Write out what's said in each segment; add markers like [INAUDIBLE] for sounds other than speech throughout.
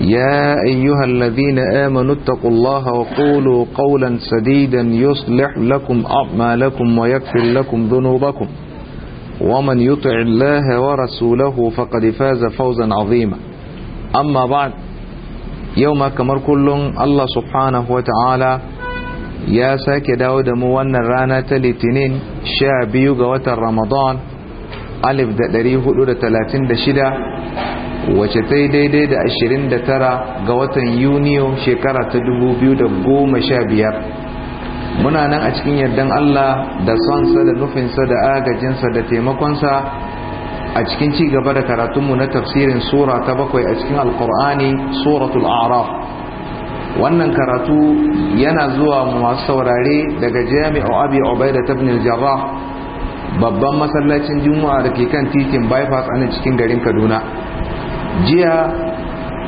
يا أيها الذين آمنوا اتقوا الله وقولوا قولا سديدا يصلح لكم أعمالكم ويكفر لكم ذنوبكم ومن يطع الله ورسوله فقد فاز فوزا عظيما أما بعد يوم كمر كل الله سبحانه وتعالى يا ساك داود موانا رانا تلتنين شابيو قوة رمضان ألف دقريه دا تلاتين دا شدا wace ta yi daidai da 29 ga watan yuniyo shekara ta 2015 muna nan a cikin yardan Allah da sonsa da nufinsa da agajinsa da taimakonsa a cikin ci gaba da karatunmu na tafsirin sura ta bakwai a cikin alkur'ani suratul araf wannan karatu yana zuwa masu saurare daga jami'u abi ubaida ta ibn jarrah babban masallacin juma'a da ke kan titin bypass a cikin garin kaduna jiya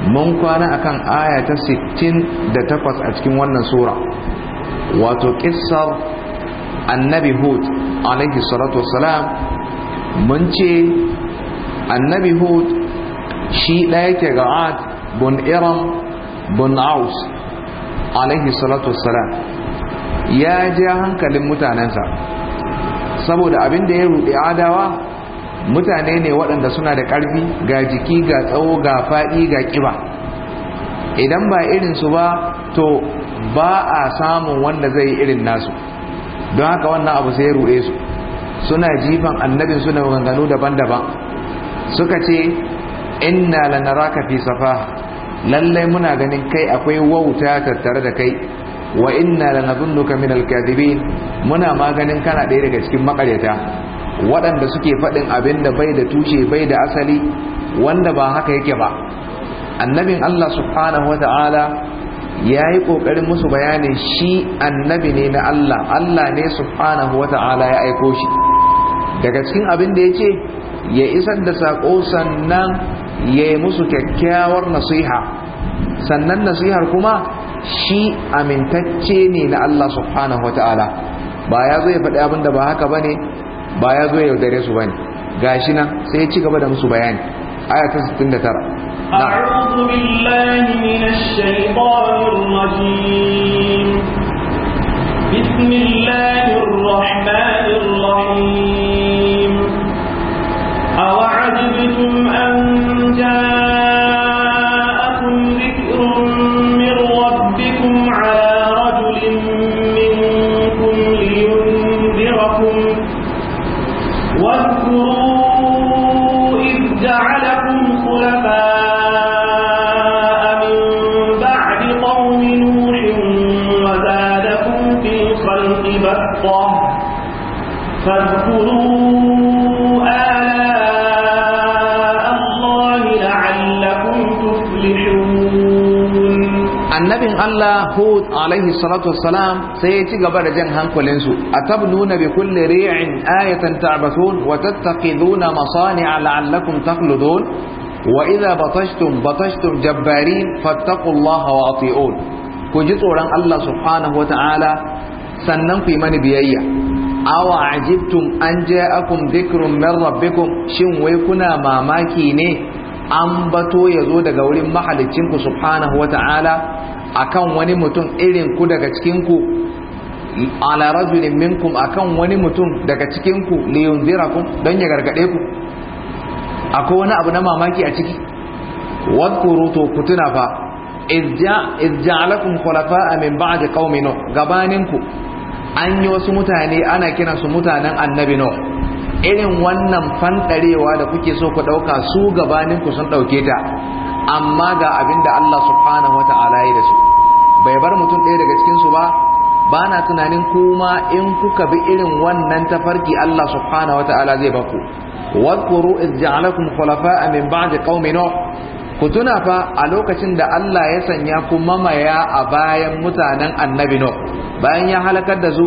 mun kwana akan aya ta 68 a cikin wannan sura wato kissar annabi hud alaihi salatu wassalam mun ce annabi hud shi ɗaya ke ga ad bun iram bun aus alaihi salatu wassalam ya ji hankalin mutanensa saboda abin da ya ruɗe adawa mutane ne waɗanda suna da ƙarfi ga jiki ga tsawo ga faɗi ga ƙiba idan ba irinsu ba to ba a samun wanda zai irin nasu don haka wannan abu sai ruɗe su suna jifan annabin suna ganganu daban-daban suka ce lanara ka fi safa lallai muna ganin kai akwai wauta tattare da kai wa inna lanadhunnuka min kadhibin muna maganin kana ɗaya daga cikin makaryata waɗanda suke faɗin abin da bai da tushe bai da asali wanda ba haka yake ba annabin Allah subhanahu wa ta'ala ya yi ƙoƙarin musu bayanin shi annabi ne na Allah Allah ne subhanahu wa ta'ala ya aiko shi daga cikin abin da ya ce ya isar da saƙo sannan ya yi musu kyakkyawar nasiha sannan nasihar kuma shi amintacce ne na Allah subhanahu wa ta'ala ba ya zo ya faɗi abin da ba haka ba ne ba ya zo yaudare su bane gashi nan sai ya ci gaba da musu bayani aya ta 69 أعوذ بالله من الشيطان الرجيم بسم الله الرحمن الرحيم أوعجبتم أن جاءكم hud alaihi salatu wassalam sai ya ci gaba da jan hankulinsu atabnuna bi kulli ri'in ayatan ta'bathun wa tattaqiduna masani'a la'allakum takhludun wa idza batashtum batashtum jabbarin fattaqullaha wa ati'un ku ji tsoron Allah subhanahu sannan ku yi mani biyayya awa ajibtum an ja'akum dhikrun min rabbikum shin wai kuna mamaki ne an bato ya zo daga wurin mahalicinku subhanahu wata'ala akan wani mutum irin ku daga cikin ku ala rajulin minkum akan wani mutum daga cikin ku yunzira ku don ya gargade ku akwai wani abu na mamaki a ciki wadkuru to ku tuna fa iz ja'alakum khulafa'a min ba'di qaumin nuh gabanin ku an yi wasu mutane ana kiransu mutanen annabi nuh irin wannan fanɗarewa da kuke so ku ɗauka su gabanin ku sun ɗauke ta amma ga abinda da Allah subhanahu wata'ala ya da su bai bar mutum ɗaya daga cikinsu ba ba na tunanin kuma in kuka bi irin wannan tafarki Allah subhanahu wata'ala zai baku wadkuru iz ja'alakum khulafa'a min ba'di qaumi nuh ku tuna fa a lokacin da Allah ya sanya ku mamaya a bayan mutanen annabi Nuh bayan ya halakar da su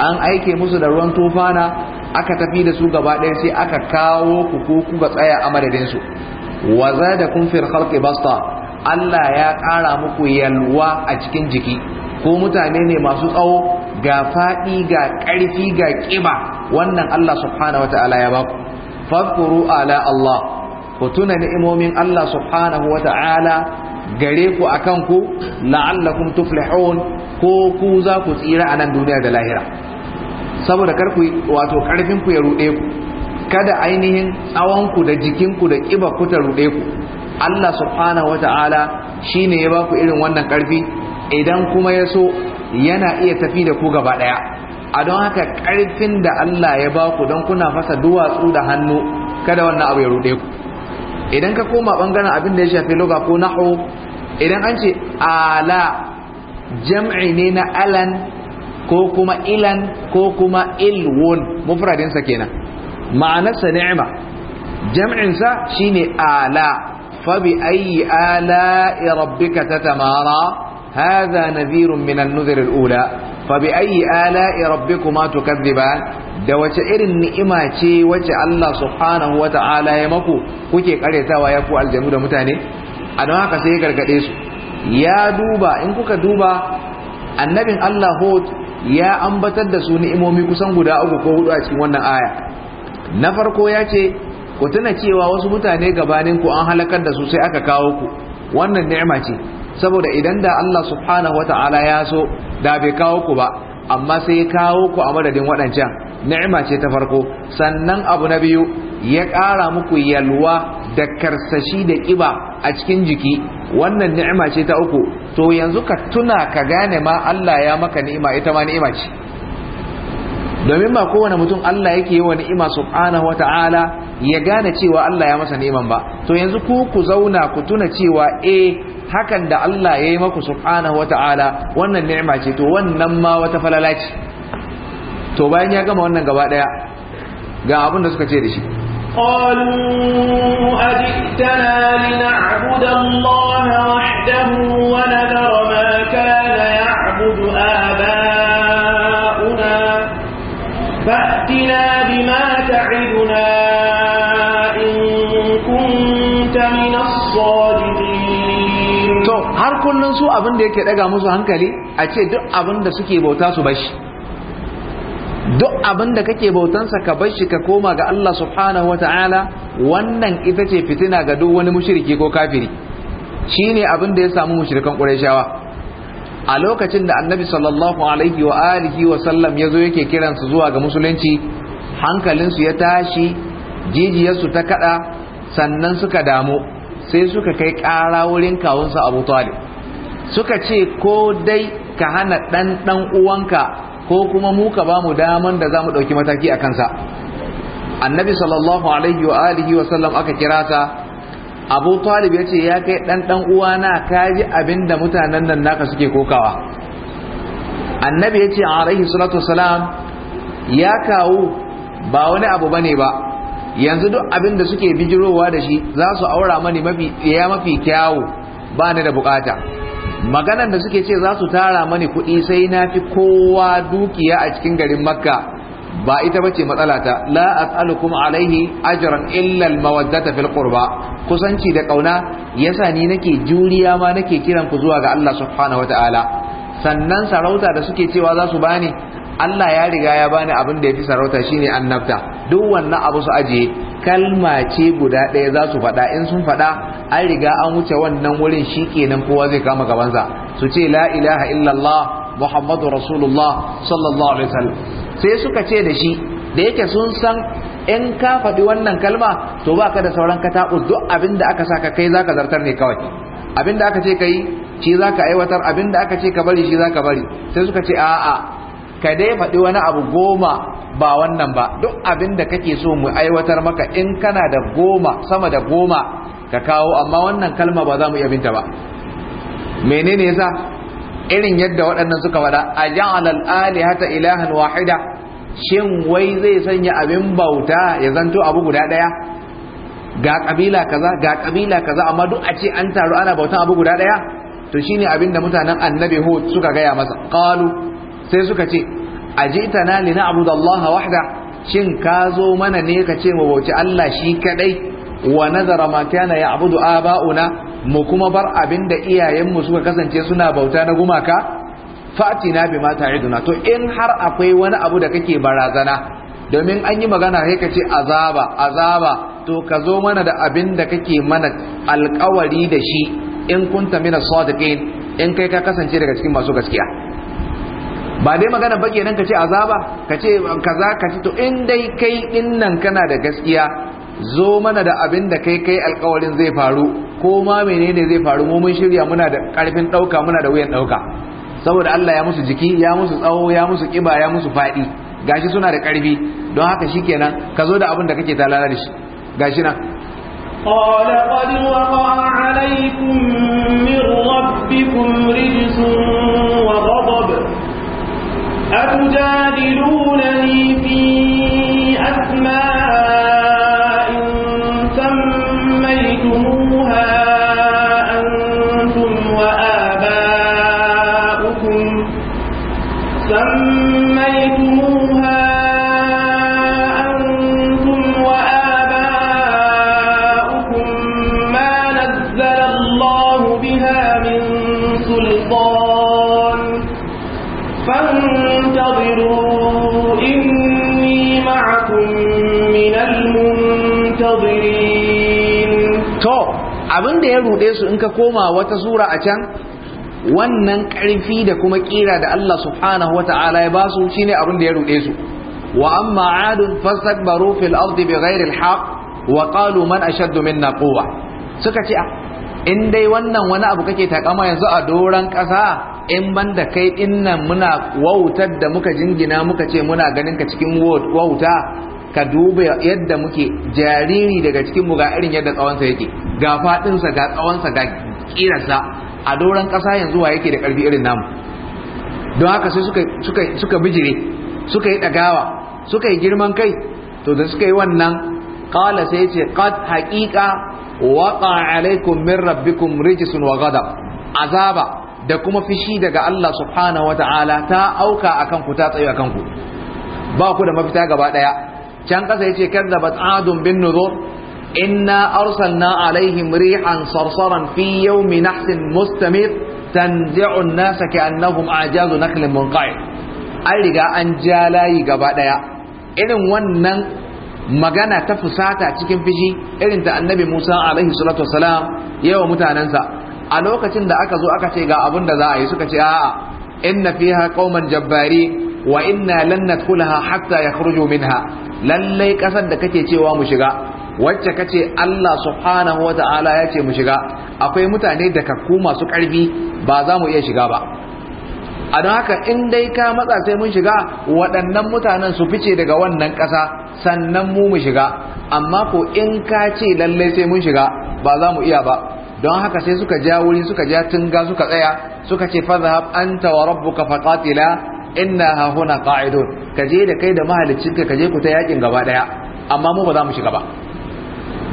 an aike musu da ruwan tufana aka tafi da su gaba ɗaya sai aka kawo ku ko kuka tsaya a madadin su wa zadakum fil khalqi basta Allah ya ƙara muku yalwa a cikin jiki ko mutane ne masu tsawo ga faɗi ga ƙarfi ga ƙiba wannan Allah subhanahu wata'ala ya baku fadkuru ala Allah ku tuna ni'imomin Allah subhanahu wata'ala gare ku akan ku la'allakum tuflihun ko ku za ku tsira a nan duniya da lahira saboda karku wato karfin ku ya ruɗe ku kada ainihin tsawonku da jikinku da ƙiba ku ta ruɗe ku Allah subhanahu wata'ala shine ya ba ku irin wannan ƙarfi idan kuma ya so yana iya tafi da ku gaba ɗaya a don haka ƙarfin da Allah ya ba ku don kuna fasa duwatsu da hannu kada wannan abu ya ruɗe ku idan ka koma ɓangaren abin da ya shafi loga ko nahu idan an ce ala jam'i ne na alan ko kuma ilan ko kuma ilwon mufradinsa kenan ma'anarsa ni'ima jam'insa shine ala فبأي آلاء ربك تتمارى هذا نذير من النذر الأولى فبأي آلاء ربكما تكذبان da wace irin ni'ima ce wace Allah subhanahu wa ta'ala ya maku kuke karyatawa ya ku aljanu da mutane a don haka sai ya gargade su ya duba in kuka duba annabin Allah Hud ya ambatar da su ni'imomi kusan guda uku ko hudu a cikin wannan aya na farko ya ce ku tuna cewa wasu mutane gabanin ku an halakar da su sai aka kawo ku wannan ni'ima ce saboda idan da Allah subhanahu wata'ala ya so da bai kawo ku ba amma sai ya kawo ku a madadin waɗancan ni'ima ce ta farko sannan abu na biyu ya ƙara muku yalwa da karsashi da ƙiba a cikin jiki wannan ni'ima ce ta uku to yanzu ka tuna ka gane ma Allah ya maka ni'ima ita ma ni'ima ce domin ba kowane mutum Allah yake yi wa ni'ima subhanahu wata'ala ya gane cewa Allah ya masa neman ba to yanzu ku ku zauna ku tuna cewa eh hakan da Allah ya yi maku subhanahu wata'ala wannan ni'ima ce to wannan ma wata falala ce to bayan ya gama wannan gaba daya ga abin da suka ce da shi قالوا أجئتنا لنعبد الله وحده ونذر ما كان يعبد abin da yake daga musu hankali a ce duk abin da suke bauta su bashi duk abin da kake bautansa ka bashi ka koma ga Allah subhanahu wata'ala wannan ita ce fitina ga duk wani mushriki ko kafiri shine abin da ya samu mushrikan ƙur'ashawa, a lokacin da Annabi sallallahu alaihi wa alihi wa sallam yazo yake kiransu zuwa ga musulunci hankalinsu ya tashi jijiyarsu ta kada sannan suka damu sai suka kai kara wurin kawunsa abu talib suka ce ko dai ka hana ɗan ɗan uwanka ko kuma mu ka bamu daman da zamu mu ɗauki mataki a kansa annabi sallallahu alaihi wa alihi wa sallam aka kira ta abu talib ya ce ya kai ɗan ɗan uwana ka ji abin mutanen nan naka suke kokawa annabi ya ce alaihi salatu salam ya kawo ba wani abu bane ba yanzu duk abin da suke bijirowa da shi za su aura mani mafi mafi kyawu ba ni da bukata maganar da suke ce za su tara mani kuɗi sai na fi kowa dukiya a cikin garin makka ba ita bace ta la as'alukum alaihi ajran illa almawaddata fil qurba kusanci da kauna yasa ni nake juriya ma nake kiran ku zuwa ga Allah subhanahu wataala sannan sarauta da suke cewa za su bani Allah ya riga ya bani abin da ya fi sarauta shine annabta duk wannan abu su ajiye kalma ce guda ɗaya za su faɗa in sun faɗa an riga an wuce wannan wurin shi kenan kowa zai kama gabansa su ce la ilaha illallah muhammadu rasulullah sallallahu alaihi wasallam sai suka ce da shi da yake sun san in ka faɗi wannan kalma to ba ka da sauran kataɓus duk abin da aka saka kai za ka zartar ne kawai abin da aka ce ka shi za aiwatar abin da aka ce ka bari shi za bari sai suka ce a'a ka dai faɗi wani abu goma ba wannan ba duk abin da kake so mu aiwatar maka in kana da goma sama da goma ka kawo amma wannan kalma ba za mu iya ba menene sa irin yadda waɗannan suka faɗa a ja'alal alihata ilahan wahida shin wai zai sanya abin bauta ya zanto abu guda ɗaya ga kabila kaza ga kabila kaza amma duk a ce an taru ana bautan abu guda ɗaya to shine abin da mutanen annabi hud suka gaya masa qalu sai suka ce lina abu na Allah wahda shin ka zo mana ne ka ce mu Allah shi kadai wa nazara ma kana da aba'una mu kuma bar abin da iyayenmu suka kasance suna bauta na gumaka Fati na fatina mata iduna to in har akwai wani abu da kake barazana domin an yi magana sai ka ce azaba azaba to ka zo mana da abin da kake mana alkawari da shi in kunta mina sadiqin in kai ka kasance daga cikin masu gaskiya ba dai magana ba kenan ka ce azaba ka ce kaza ka ce to in dai kai din nan kana da gaskiya zo mana da abin da kai kai alkawarin zai faru ko ma menene zai faru mu mun shirya muna da karfin dauka muna da wuyan dauka saboda Allah ya musu jiki ya musu tsawo ya musu kiba ya musu fadi gashi suna da karfi don haka shikenan ka zo da abin da kake talala da shi gashi nan قال قد وقع عليكم من ربكم رجس وغضب أتجادلونني ya ruɗe su in ka koma wata sura a can wannan karfi da kuma ƙira da Allah subhanahu wa ta'ala ya basu shine abin da ya ruɗe su wa amma adun fastakbaru fil ardi bighairi alhaq wa qalu man ashaddu minna quwwa suka ce in dai wannan wani abu kake takama yanzu a doran ƙasa in banda kai dinnan muna wautar da muka jingina muka ce muna ganin ka cikin wauta ka duba yadda muke jariri daga cikin mu ga irin yadda tsawonsa yake ga faɗinsa ga tsawonsa ga kirarsa a doron ƙasa yanzu wa yake da karfi irin namu don haka sai suka suka suka bijire suka yi ɗagawa suka yi girman kai to da suka yi wannan qala sai ce qad haqiqa waqa alaikum min rabbikum rijsun wa ghadab azaba da kuma fishi daga Allah subhanahu wataala ta auka akan ku ta tsaye akan ku ba ku da mafita gaba daya can kasa yace kadzabat adun bin nuzur إنا أرسلنا عليهم ريحا صرصرا في يوم نحس مستمر تنزع الناس كأنهم أعجاز نخل منقعد an riga an ja layi gaba ɗaya irin wannan magana ta fusata cikin fishi irin ta annabi Musa alaihi salatu wassalam yawa mutanensa a lokacin da aka zo aka ce ga abin da za a yi suka ce a'a inna fiha qauman jabbari wa inna lan nadkhulaha hatta ya yakhruju minha lallai ƙasar da kake cewa mu shiga wacce kace Allah subhanahu wata'ala ya ce mu shiga akwai mutane da kakku masu karfi ba za mu iya shiga ba a don haka in dai ka matsa sai mun shiga waɗannan mutanen su fice daga wannan ƙasa sannan mu mu shiga amma ko in ka ce lallai sai mun shiga ba za mu iya ba don haka sai suka ja wuri suka ja tunga suka tsaya suka ce fadhhab anta wa rabbuka faqatila inna ha huna qa'idun kaje da kai da ka kaje ku ta yakin gaba daya amma mu ba za mu shiga ba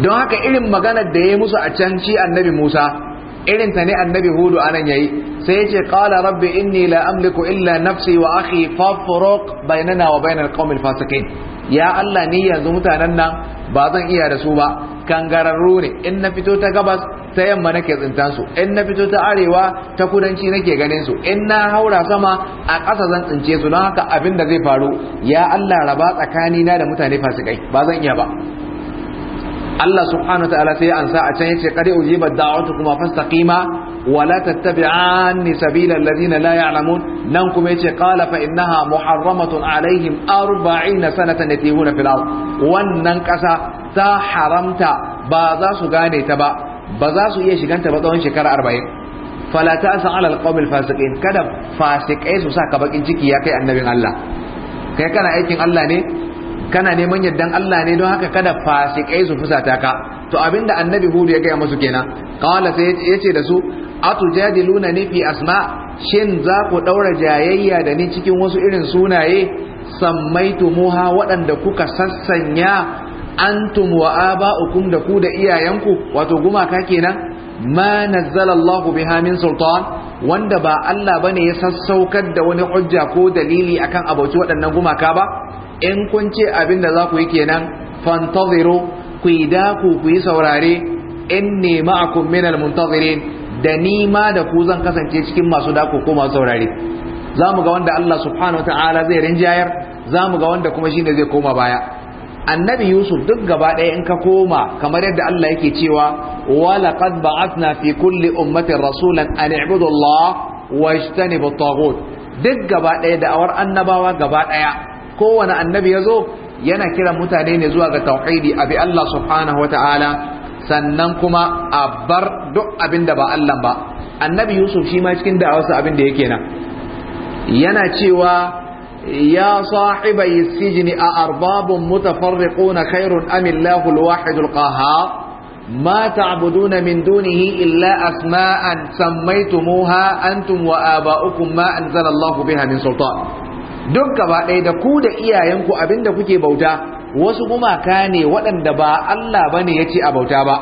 don haka irin maganar da ya yi musu a can shi annabi Musa irin ta ne annabi Hudu anan yayi sai ya yace qala rabbi inni la amliku illa nafsi wa akhi fafruq bainana wa bainal qaumil fasiqin ya Allah ni yanzu mutanen nan ba zan iya da su ba kan kangararru ne in na fito ta gabas ta yamma nake tsintan in na fito ta arewa ta kudanci nake ganin su in na haura sama a ƙasa zan tsince su don haka abin da zai faru ya Allah raba tsakanina da mutane fasikai ba zan iya ba Allah subhanahu ta'ala sai an a can yace qad ujiba da'watu kuma fastaqima wa la tattabi'ani sabila alladhina la ya'lamun nan kuma yace qala fa innaha muharramatun alaihim 40 sanatan yatihuna fil ard wannan kasa ta haramta ba za su gane ta ba ba za su iya shiganta ba tsawon shekara 40 fala ta'sa 'ala alqawmil fasiqin kada fasiqai su saka bakin ciki ya kai annabin Allah kai kana aikin Allah ne kana neman yardan Allah ne don haka kada fasikai su fusata ka to abinda annabi hudu ya gaya musu kenan qala sai ce da su atujadiluna ni fi asma shin za ku daura jayayya da ni cikin wasu irin sunaye tumuha waɗanda kuka sassanya antum wa aba'ukum da ku da iyayenku wato gumaka kenan ma nazzala Allahu biha min sultan wanda ba Allah bane ya sassaukar da wani hujja ko dalili akan abauci waɗannan gumaka ba in kun ce abin da za ku yi kenan fantaziru ku yi daku ku yi saurare in nema a minal muntazirin da ni ma da ku zan kasance cikin masu daku ko masu saurare za mu ga wanda Allah subhanahu wa ta'ala zai rinjayar za mu ga wanda kuma shine zai koma baya annabi yusuf duk gaba ɗaya in ka koma kamar yadda Allah yake cewa wa laqad ba'athna fi kulli ummatin rasulan an i'budu Allah wa ijtanibu at-taghut duk gaba ɗaya da awar annabawa gaba ɗaya kowane annabi ya zo yana kiran mutane ne zuwa ga tauhidi a bi Allah subhanahu wa ta'ala sannan kuma abar duk abinda da ba annabi yusuf shi ma cikin da wasu abin da yake nan yana cewa ya sahiba yisijini a arbabun mutafarriquna khairun am Allahu al-wahid al ma ta'buduna min dunihi illa asma'an sammaytumuha antum wa aba'ukum ma anzala Allahu biha min sultan duk gaba ɗaya da ku da iyayenku abinda kuke bauta wasu gumaka ne waɗanda ba Allah bane ya ce a bauta ba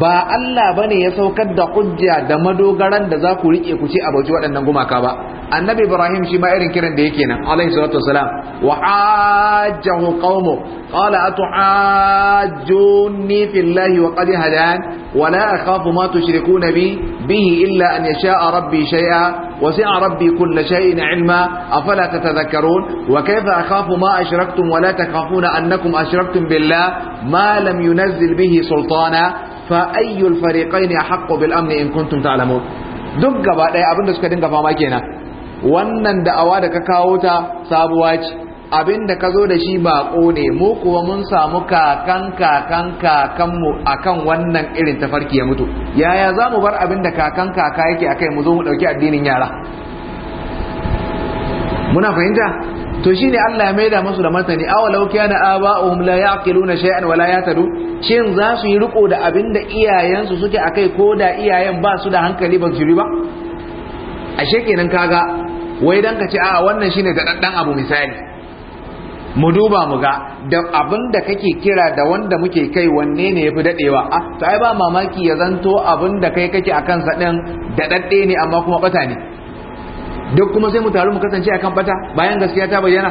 ba Allah bane ya saukar da hujja da madogaran da za ku rike ku ce a bauci waɗannan gumaka ba annabi ibrahim shi ma irin kiran da yake nan alayhi salatu wasalam wa hajjahu qaumu qala atuhajjuni fillahi wa qad hadan wa la akhafu ma tushrikuna bihi illa an yasha rabbi shay'a wa sa'a rabbi kull a ilma afala tatadhakkarun wa kayfa akhafu ma ashraktum wa la takhafuna annakum ashraktum billah ma lam yunazzil bihi sultana fa ayyul fariqayn ahqqu bil amni in kuntum ta'lamun duk gaba daya abinda suka dinga fama kenan wannan da'awa da ka kawo ta sabuwa ce abinda ka zo da shi baƙo ne mu kuwa mun samu kakan kakan kakanmu akan wannan irin tafarki ya mutu yaya za mu bar abin da kakan kaka yake akai mu zo mu ɗauki addinin yara muna fahimta to shine Allah ya maida masu da martani law kana aba'uhum la yaqiluna shay'an la yatadu shin za su yi riko da abin da iyayensu suke akai ko da iyayen ba su da hankali ba su ba ashe kenan kaga wai dan ka ce a wannan shine da ɗanɗan abu misali mu duba mu ga da abin da kake kira da wanda muke kai wanne ne yafi dadewa a ah, to ai ba mamaki ya zanto abin da kai kake akan sa din da dadde ne amma kuma bata ne duk kuma sai mu taru mu kasance akan bata bayan gaskiya ta bayyana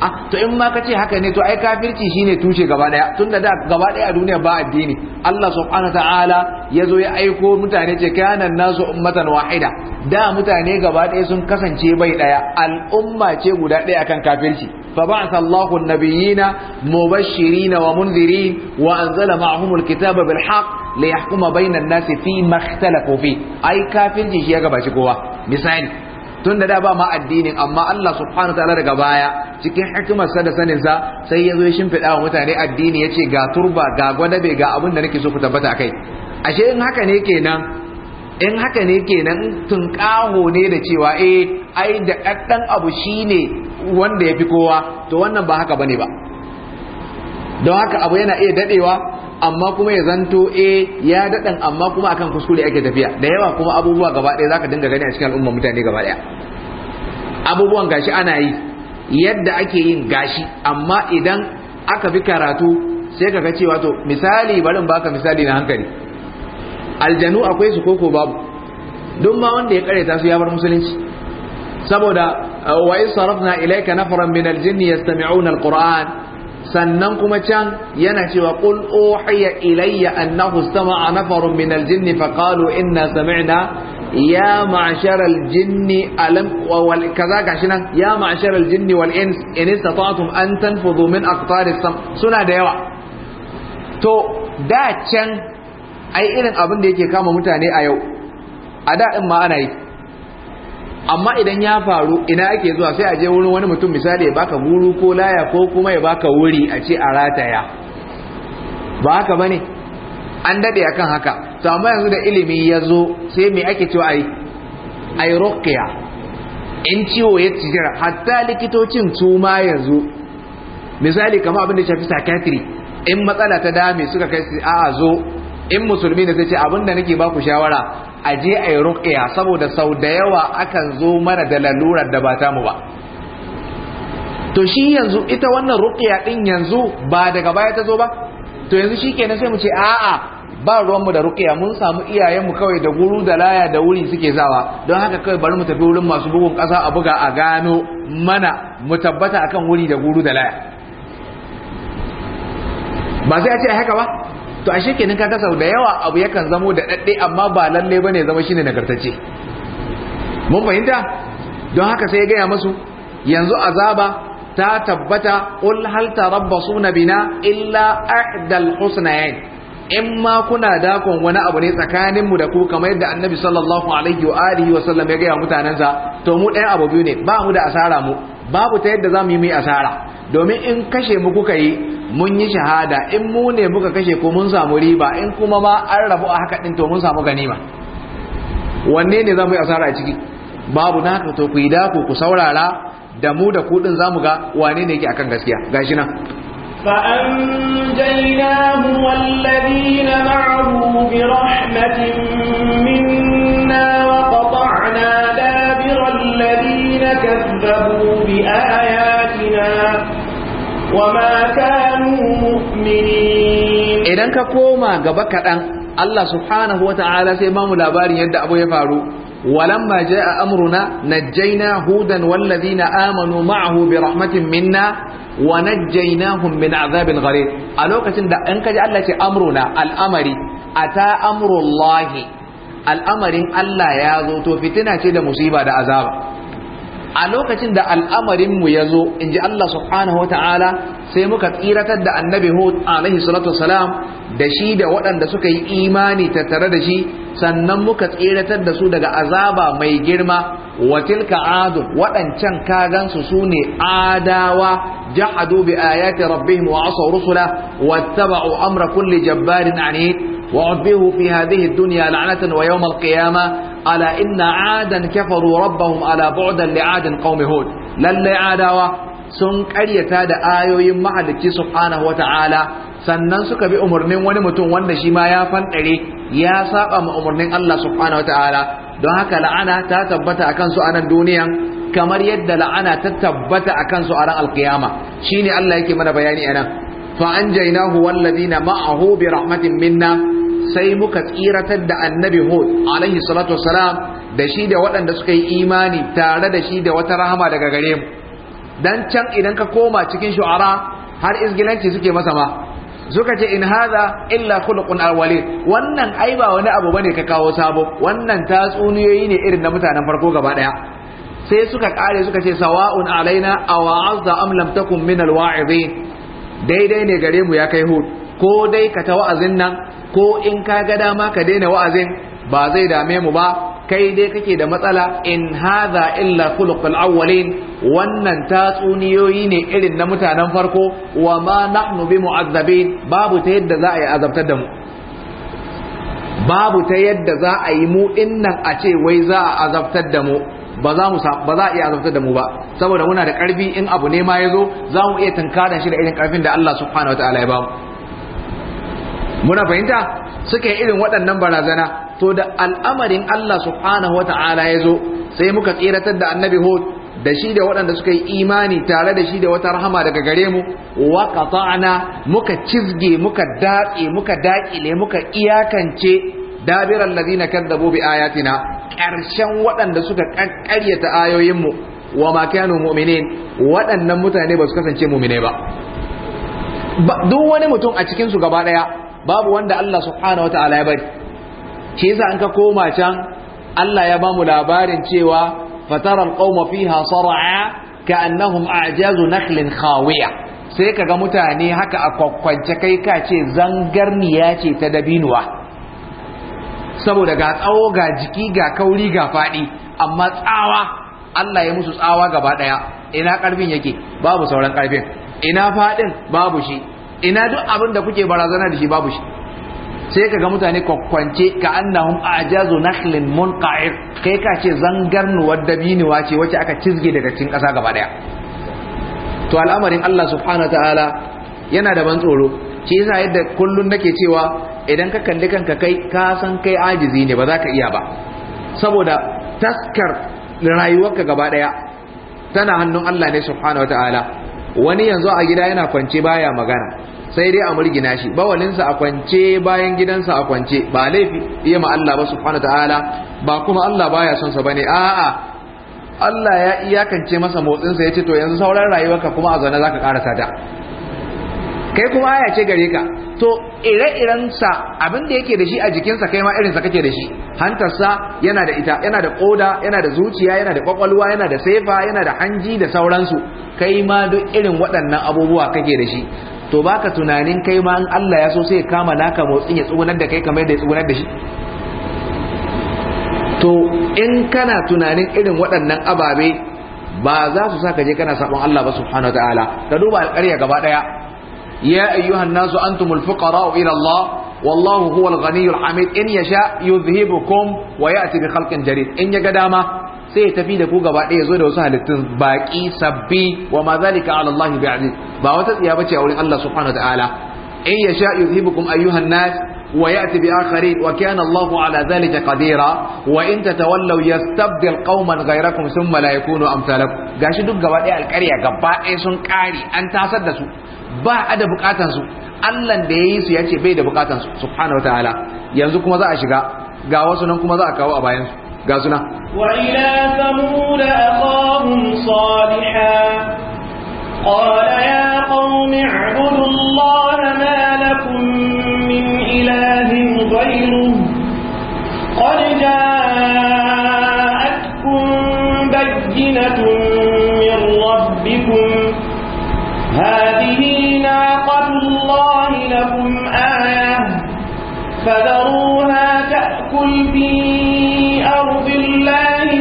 ah to in ma kace haka ne to ai kafirci shine tushe gaba daya tunda da gaba daya a duniya ba addini Allah subhanahu ta'ala yazo ya aiko mutane ce kana nasu ummatan wahida da mutane gaba daya sun kasance bai daya al'umma ce guda daya akan kafirci fa ba'atha Allahu an-nabiyina mubashirin wa munzirin wa anzala ma'ahum al-kitaba bil haqq liyahkuma bainan nasi fi ma ikhtalafu fi ai kafirci shi ya gabaci kowa misali tun da da ba ma addinin amma Allah subhanahu ta'ala daga baya cikin hikimarsa da saninsa sai ya zo ya shimfiɗa wa mutane addini ya ce ga turba ga gwadabe ga abin da nake so ku tabbata kai ashe in haka ne kenan in haka ne kenan kaho ne da cewa eh ai da kaddan abu shine wanda yafi kowa to wannan ba haka bane ba don haka abu yana iya dadewa amma kuma ya zanto e ya daɗan, amma kuma akan kuskure ake tafiya da yawa kuma abubuwa gaba ɗaya zaka dinga gani a cikin al'umma mutane gaba ɗaya abubuwan gashi ana yi yadda ake yin gashi amma idan aka bi karatu sai ka ga cewa to misali barin baka misali na hankali aljanu akwai su koko babu duk ma wanda ya kareta su ya bar musulunci saboda wa sarafna ilayka nafaran min aljinni yastami'una alquran sannan kuma can yana cewa qul uhiya ilayya annahu istama'a nafarun min aljinn fa qalu inna sami'na ya ma'shara aljinn alam wal kaza gashi nan ya ma'shara aljinn wal ins in istata'tum an tanfudhu min aqtaris sam suna da yawa to da can ai irin abin da yake kama mutane a yau a da ma ana yi amma idan ya faru ina ake zuwa sai a je wurin wani mutum misali ya baka guru ko laya ko kuma ya baka wuri a ce a rataya ba haka bane an dade akan haka to amma yanzu da ilimi ya zo sai me ake cewa ai ai ruqya in ciwo ya cijira hatta likitocin su ma yanzu misali kamar abin da shafi psychiatry in matsala ta dame suka kai su a zo in musulmi ne sai ce abin da nake baku shawara a je a yi ruƙiya saboda sau da yawa akan zo mana da lalurar da ba ta mu ba to shi yanzu ita wannan ruƙiya ɗin yanzu ba daga baya ta zo ba to yanzu shi kenan sai mu ce a'a ba ruwanmu da ruƙiya mun samu iyayenmu kawai da guru da laya da wuri suke zawa don haka kawai bari mu tafi wurin masu bugun ƙasa a buga a gano mana mu tabbata akan wuri da guru da laya ba sai a ce haka ba to ashe kenan kaga sau da yawa abu yakan zamo da dadde amma ba lalle bane zama shine nagartacce mun fahimta don haka sai ya gaya masu yanzu azaba ta tabbata qul hal tarabbasuna bina illa ahdal husnayn in ma kuna dakon wani abu ne tsakanin mu da ku kamar yadda annabi sallallahu alaihi wa alihi wa sallam ya ga mutanansa to mu ɗaya abu biyu ne ba mu da asara mu babu ta yadda zamu yi mu asara domin in kashe mu kuka yi mun yi shahada in mu ne muka kashe ko mun samu riba in kuma ma an rabu a haka din to mun samu ganima wanne ne zamu yi asara a ciki babu na haka to ku yi dako ku saurara da mu da kuɗin din zamu ga wane ne yake akan gaskiya gashi nan فأنجيناه والذين معه برحمة منا وقطعنا دابر الذين كذبوا بآياتنا وما كانوا مؤمنين إذا كقوما قبكة الله سبحانه وتعالى سيمام لاباري يد أبو يفارو ولما جاء أمرنا نجينا هودا والذين آمنوا معه برحمة منا ونجيناهم من عذاب غليظ ألوكة إن كجعلت أمرنا الأمر أتى أمر الله الأمر ألا يازو فتنة كده مصيبة ده عذاب a lokacin da al'amarinmu ya zo in ji Allah subhanahu wa ta'ala sai muka tsiratar da annabi Hud alaihi salatu wasalam da shi da waɗanda suka yi imani tattare da shi sannan muka tseratar da su daga azaba mai girma wa tilka adun waɗancan kagansu su ne adawa jahadu bi ayati rabbihim wa asaw rusula wattaba'u amra kulli jabbarin anid wa udbihu fi hadhihi ad-dunya la'natan wa yawm al-qiyamah ala inna adan kafaru rabbahum ala bu'dan li'adin qaumi hud lalle adawa sun ƙaryata da ayoyin mahalicci subhanahu wata'ala sannan suka bi umarnin wani mutum wanda shi ma ya fanɗare ya saba ma umarnin Allah subhanahu wataala don haka la'ana ta tabbata a kansu a nan duniyan kamar yadda la'ana ta tabbata akan su a ran alkiyama shine Allah yake mana bayani anan fa anjaynahu walladhina ma'ahu bi rahmatin minna sai muka tsiratar da annabi Hud alaihi salatu wassalam da shi da waɗanda suka yi imani tare da shi da wata rahama daga gare mu dan can idan ka koma cikin shu'ara har izgilanci suke masa ma suka ce in haza illa khuluqun awwali wannan ai ba wani abu bane ka kawo sabo wannan tatsuniyoyi ne irin na mutanen farko gaba daya sai suka kare suka ce sawa'un alaina aw azza am lam takum min alwa'izin daidai ne gare mu ya kai hud ko dai ka ta wa'azin nan ko in ka ga dama ka daina wa'azin ba zai dame mu ba kai dai kake da matsala in hadha illa khuluqul awwalin wannan tatsuniyoyi ne irin na mutanen farko wa ma nahnu bi mu'azzabin babu ta yadda za a yi azabtar da mu babu ta yadda za a yi mu innan a ce wai za a azabtar da mu ba za mu ba za a iya azabtar da mu ba saboda muna da karfi in abu ne ma yazo za mu iya tunkaran shi da irin karfin da Allah subhanahu wataala ya ba mu muna fahimta suka irin waɗannan barazana to da al'amarin Allah subhanahu wa ta'ala ya zo sai muka tsiratar da annabi hud da shi da waɗanda suka yi imani tare da shi da wata rahama daga gare mu wa qata'na muka cizge muka datse muka daƙile muka iyakance dabir ladina kadzabu bi ayatina ƙarshen waɗanda suka ta ayoyin mu wa ma kanu mu'minin waɗannan mutane ba su kasance mu'mine ba duk wani mutum a cikin su gaba ɗaya babu wanda Allah subhanahu wataala ya bari shi yasa an ka koma can Allah ya ba mu labarin cewa fataral qauma fiha sar'a a a'jazu nakhlin khawiya sai kaga mutane haka a kwakwance kai ka ce zangarniya ce ta dabinuwa saboda ga tsawo ga jiki ga kauri ga fadi amma tsawa Allah ya musu tsawa gaba daya ina karfin yake babu sauran ƙarfin. ina fadin babu shi ina duk abin da kuke barazana da shi babu shi sai ka ga mutane kwakwance ka annahum ajazu nakhlin munqa'ir kai ka ce zangarnuwar biniwa ce wacce aka cizge daga cikin kasa gaba daya to al'amarin Allah subhanahu ta'ala yana da ban tsoro shi yasa yadda kullun nake cewa idan ka kalli kanka kai ka san kai ajizi ne ba za ka iya ba saboda taskar rayuwarka gaba daya tana hannun Allah ne subhanahu ta'ala wani yanzu a gida yana kwance baya magana sai dai a murgina shi bawalinsa a kwance bayan gidansa a kwance ba laifi iya ma Allah ba subhanahu ta'ala ba kuma Allah baya son sa bane a'a Allah ya iyakance masa motsin sa yace to yanzu sauran rayuwarka kuma a zauna zaka karasa ta kai kuma aya ce gare ka to ire-iren sa abin da yake da shi a sa kai ma irin sa kake da shi hantar sa yana da ita yana da koda yana da zuciya yana da kwakwalwa yana da sefa yana da hanji da sauransu kai ma duk irin waɗannan abubuwa kake da shi to baka tunanin kai ma in Allah ya so sai ya kama naka motsin ya tsugunar da kai kamar da ya tsugunar da shi to in kana tunanin irin waɗannan ababe ba za su sa ka je kana sabon Allah ba subhanahu wataala ka duba alƙarya gaba ɗaya ya ayyuhan nasu antumul fuqara'u ila Allah wallahu huwal ghaniyyul hamid in yasha yudhhibukum wa ya'ti bi khalqin jarid in ya ga dama sai ya tafi da ku gaba ɗaya zo da wasu halittun baƙi sabbi wa ma zalika ala Allah bi aziz ba wata tsiya bace a wurin Allah subhanahu ta'ala in sha yuzhibukum ayyuhan nas wa ya'ti bi akharin wa kana Allahu ala zalika qadira wa in tatawallaw yastabdil qauman ghayrakum thumma la yakunu amsalakum gashi duk gaba ɗaya alƙarya gaba ɗaya sun ƙare an tasar da su ba a da bukatan su Allah da yayi su yace bai da bukatan su subhanahu ta'ala yanzu kuma za a shiga ga wasu nan kuma za a kawo a bayan su غازنا وإلى ثمود أخاهم صالحا قال يا قوم اعبدوا الله ما لكم من إله غيره قد جاءتكم بجنة من ربكم هذه ناقة الله لكم آية فذروها تأكل فيها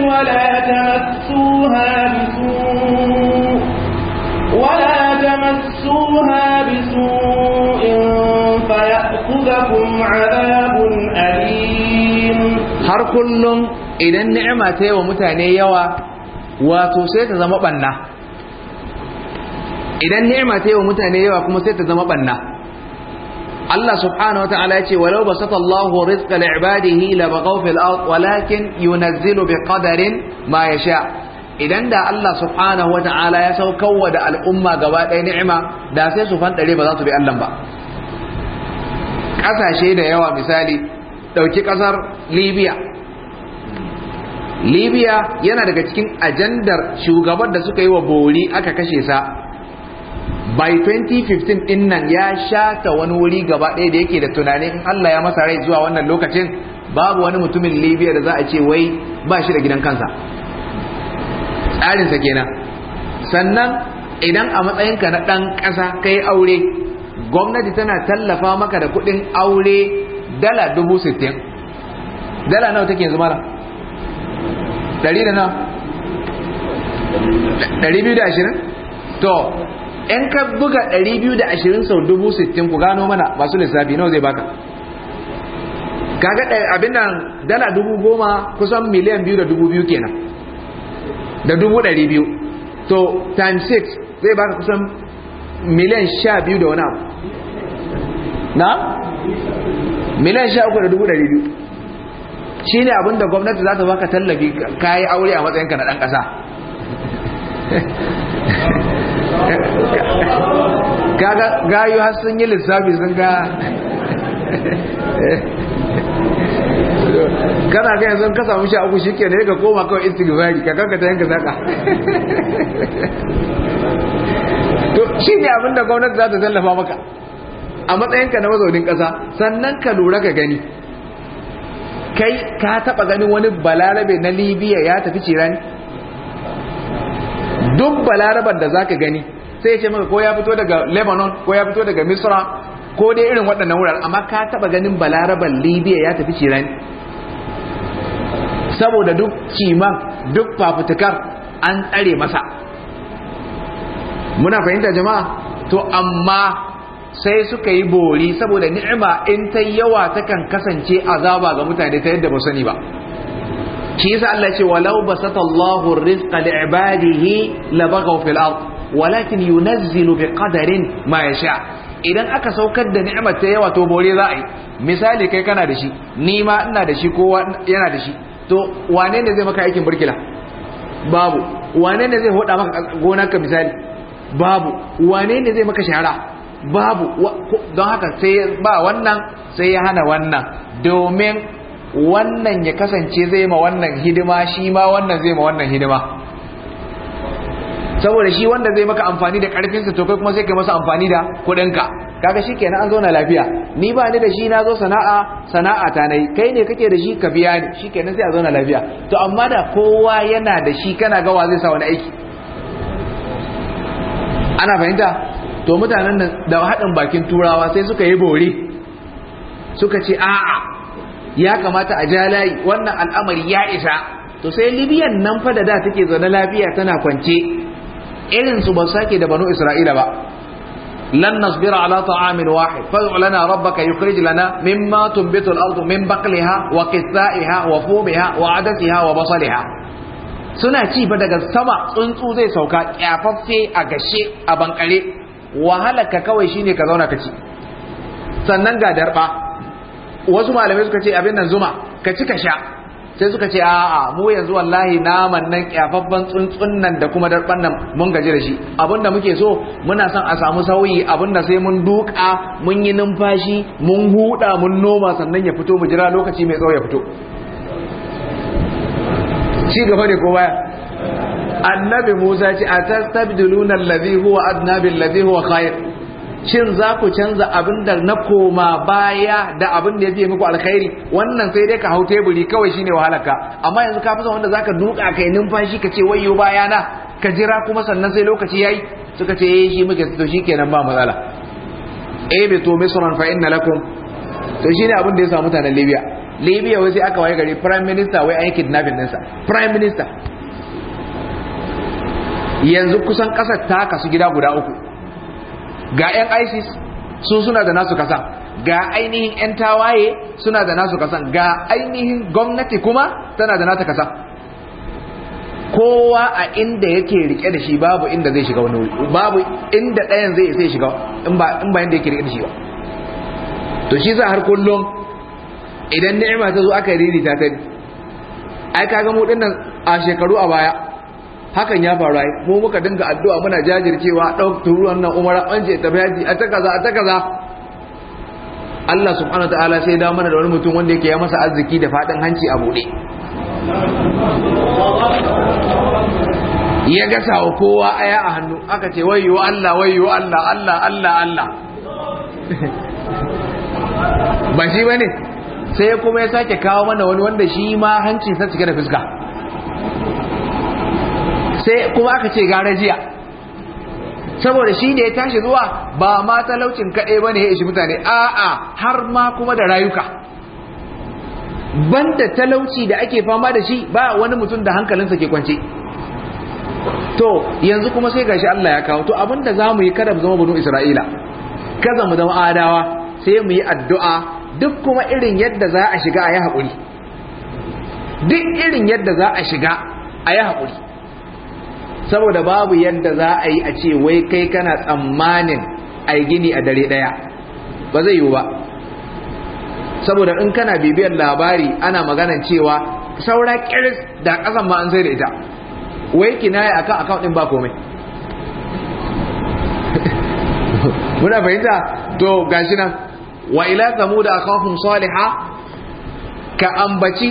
ولا تمسوها بسوء ولا تمسوها بسوء فيأخذكم عذاب أليم har kullum idan ni'ima ta yi wa mutane yawa idan ni'ima ta yi mutane yawa kuma sai ta zama ɓanna. Allah subhanahu wataala ya ce walau basata Allahu rizqa li ibadihi la baghaw fil ard walakin yunazzilu bi qadarin ma yasha idan da Allah subhanahu ta'ala ya saukarwa da al'umma gaba ɗaya ni'ima da sai su fanɗare ba za su bi Allah ba ƙasashe da yawa misali ɗauki ƙasar Libya Libya yana daga cikin ajandar shugaban da suka yi wa bori aka kashe sa by 2015 din nan ya shata wani wuri gaba ɗaya da yake da tunani in Allah ya masa rai zuwa wannan lokacin babu wani mutumin Libya da za a ce wai ba shi da gidan kansa tsarinsa kenan sannan idan a matsayinka na ɗan ƙasa ka yi aure gwamnati tana tallafa maka da kuɗin aure dala dubu sittin dala nawa take yanzu mara ɗari da nawa ɗari biyu da ashirin to in ka buga 220 sau 60 ku gano mana masu lissafi nawa zai baka kaga abin nan dala dubu goma kusan miliyan biyu da dubu biyu kenan da dubu ɗari biyu to times 6 zai baka kusan miliyan sha biyu da wani abu na miliyan sha uku da dubu ɗari biyu shi ne abinda gwamnati za ta baka tallafi kayi aure a matsayinka na ɗan ƙasa [LAUGHS] kaga gayu har sun yi lissafi sun ga kana ga yanzu ka samu sha uku ke ne ka koma kawai istighfari ka kanka ta yanka zaka to shi ne abin da gwamnati za ta tallafa maka a matsayinka na mazaunin ƙasa sannan ka lura ka gani kai ka taɓa ganin wani balarabe na libya ya tafi ciran duk balaraban da za ka gani sai ya ce maka ko ya fito daga lebanon ko ya fito daga misra ko dai irin waɗannan wurar. amma ka taɓa ganin balaraban libya ya tafi cirani saboda duk kiman duk fafutukar an tsare masa muna fahimta jama'a to amma sai suka yi bori saboda ni'ima in ta yawa ta kan kasance azaba ga mutane ta yadda ba sani ba shi yasa Allah ce walau basata Allahu rizqa li ibadihi labaghaw fil walakin yunazzilu biqadarin ma yasha idan aka saukar da ni'imar ta yawa to bore za a yi misali kai kana da shi ni ma ina da shi kowa yana da shi to wane ne zai maka aikin burkila babu wane ne zai hoda maka gonarka misali babu wane ne zai maka shahara babu don haka sai ba wannan sai ya hana wannan domin wannan ya kasance zai ma wannan hidima shi ma wannan zai ma wannan hidima saboda shi wanda zai maka amfani da karfinsa to kai kuma sai kai masa amfani da kuɗinka kaga shi kenan an zo na lafiya ni ba ni da shi na zo sana'a sana'a ta nai kai ne kake da shi ka biya ni shi kenan sai a zo na lafiya to amma da kowa yana da shi kana gawa zai sa wani aiki ana fahimta to mutanen nan da haɗin bakin turawa sai suka yi bore suka ce a'a ya kamata a ja layi wannan al'amari ya isa to sai libyan nan fa da da take zaune lafiya tana kwance irin su ba sake da banu isra'ila ba lan nasbira ala ta'amin wahid fad'u lana rabbaka yukhrij lana mimma tunbitu al-ardu min baqliha wa qithaiha wa fumiha wa adasiha wa basaliha suna ci ba daga sama tsuntsu zai sauka kyafaffe a gashe a bankare ka kawai shine ka zauna ka ci sannan ga darba wasu malamai suka ce abin nan zuma ka ci ka sha sai suka ce a'a mu yanzu wallahi naman nan kyafaffan tsuntsun nan da kuma darban nan mun gaji da shi abinda muke so muna son a samu sauyi abinda sai mun duka mun yi numfashi mun huda mun noma sannan ya fito mu jira lokaci mai tsawo ya fito ci gaba ne ko baya annabi Musa ce atastabdiluna allazi huwa adna billazi huwa khair shin za ku canza abin da na koma baya da abin da ya fiye muku alkhairi wannan sai dai ka hau teburi kawai shine wahalaka. amma yanzu ka fi son wanda ka duka kai numfashi ka ce wayo baya na ka jira kuma sannan sai lokaci ya yi? suka ce yi eh, shi muke to shikenan ba matsala eh bi to misran fa inna lakum to shine abin da ya samu mutanen Libya Libya wai sai aka waye gari prime minister wai ai kidnapping ɗinsa prime minister yanzu kusan ƙasar ta kasu gida guda uku ga 'yan isis su suna da nasu kasan ga ainihin 'yan tawaye suna da nasu kasan ga ainihin gwamnati kuma tana da nata kasan kowa a inda yake rike da shi babu inda zai shiga wani wuri babu inda ɗayan zai sai shiga in ba in ba inda yake rike da shi ba to shi za har kullum idan ni'ima ta zo aka riri ta ta ai kaga mu dinnan a shekaru a baya hakan ya faru ai mu muka dinga addu'a muna jajircewa dauk turuwan nan umara an ce ta bayaji a ta kaza a ta kaza Allah subhanahu wa ta'ala sai da mana da wani mutum wanda yake ya masa arziki da fadin hanci a bude ya ga wa kowa aya a hannu aka ce wayyo Allah wayyo Allah Allah Allah Allah [LAUGHS] ba shi bane sai kuma ya sake kawo mana wani wanda shi ma hancinsa cike da fuska sai kuma aka ce gara jiya saboda shi ne ya tashi zuwa ba ma talaucin kaɗai ba ne ya ishi mutane a'a har ma kuma da rayuka banda talauci da ake fama da shi ba wani mutum da hankalinsa ke kwance to yanzu kuma sai gashi Allah ya kawo to abinda za mu yi kada mu zama bunu Isra'ila kaza mu zama adawa sai mu yi addu'a duk kuma irin yadda za a shiga a yi haƙuri duk irin yadda za a shiga a yi haƙuri saboda babu yadda za a yi a ce wai kai kana tsammanin a gini a dare daya ba zai yiwu ba saboda in kana bibiyar labari ana maganan cewa saura kiris da ƙasan ma an sai da ita wai yi akan account ɗin ba komai [LAUGHS] muna fahimta to gashi nan wa ila samuda akhahum salihah ka ambaci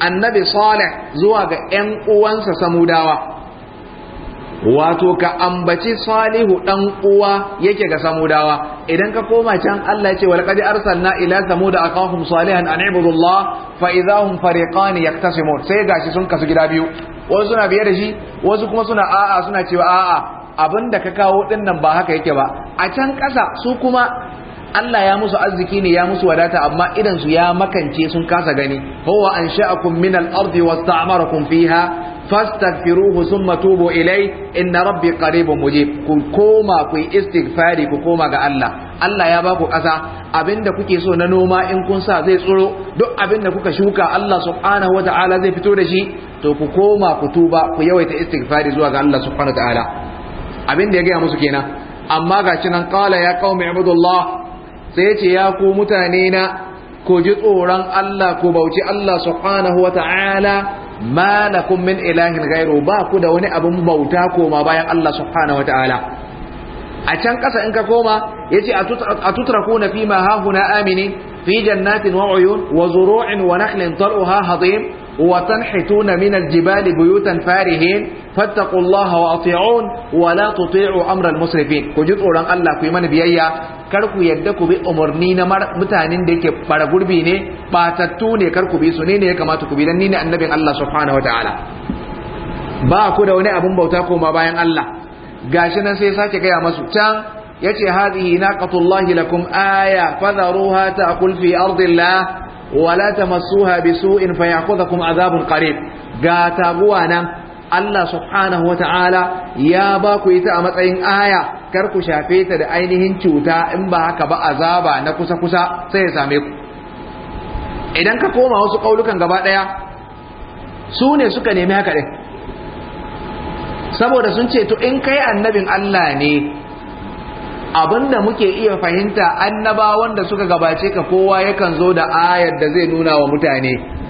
annabi salih zuwa ga 'yan uwansa samudawa wato ka ambaci salihu dan uwa yake ga samudawa idan ka koma can Allah ya ce walqad arsalna ila samuda aqahum salihan an ibudullah fa idahum fariqan yaktasimun sai gashi sun kasu gida biyu wasu suna biye da shi wasu kuma suna a'a suna cewa a'a abinda ka kawo din nan ba haka yake ba a can kasa su kuma Allah ya musu arziki ne ya musu wadata amma idan su ya makance sun kasa gani huwa ansha'akum min al-ardi wasta'marakum fiha fastaghfiruhu summa tubu ilai inna rabbi qaribun mujib ku koma ku istighfari ku koma ga Allah Allah ya baku ƙasa abinda kuke so na noma in kun sa zai tsoro duk abinda kuka shuka Allah subhanahu wataala zai fito da shi to ku koma ku tuba ku yawaita istighfari zuwa ga Allah subhanahu wataala abinda ya gaya musu kenan amma ga nan qala ya qaumi ibudullah sai ya ce ya ku mutane na ku ji tsoron Allah ku bauci Allah subhanahu wataala ma lakum min ilahin ghairu ba ku da wani abin bauta koma bayan Allah subhanahu wataala a can ƙasa in ka koma yace atutrakuna fima hahuna amini fi jannatin wa uyun wa zuru'in wa nakhlin tal'uha hadim وتنحتون من الجبال بيوتا فارهين فاتقوا الله وأطيعون ولا تطيعوا Ku ji tsoron Allah ku yi mana biyayya. kar ku yadda ku bi umarni na mutanen da yake fara gurbi ne batattu ne kar ku bi su ne ne ya kamata ku bi dan ni ne annabin Allah subhanahu wataala ba ku da wani abun bauta koma bayan Allah gashi nan sai sake gaya masu can yace hadhihi naqatullahi lakum aya fadharuha ta'kul fi ardillah wa la tamassuha bisu'in fayakhudhukum adhabun qarib ga taguwa nan Allah subhanahu wa ta'ala ya ba ku ita a matsayin aya kar ku shafe ta da ainihin cuta in ba haka ba azaba na kusa-kusa sai ya same ku idan ka koma wasu ƙaulukan gaba ɗaya su ne suka nemi haka ɗin saboda sun ce to in kai annabin Allah ne abinda muke iya fahimta annabawan da suka gabace ka kowa yakan zo da ayar da zai nuna wa mutane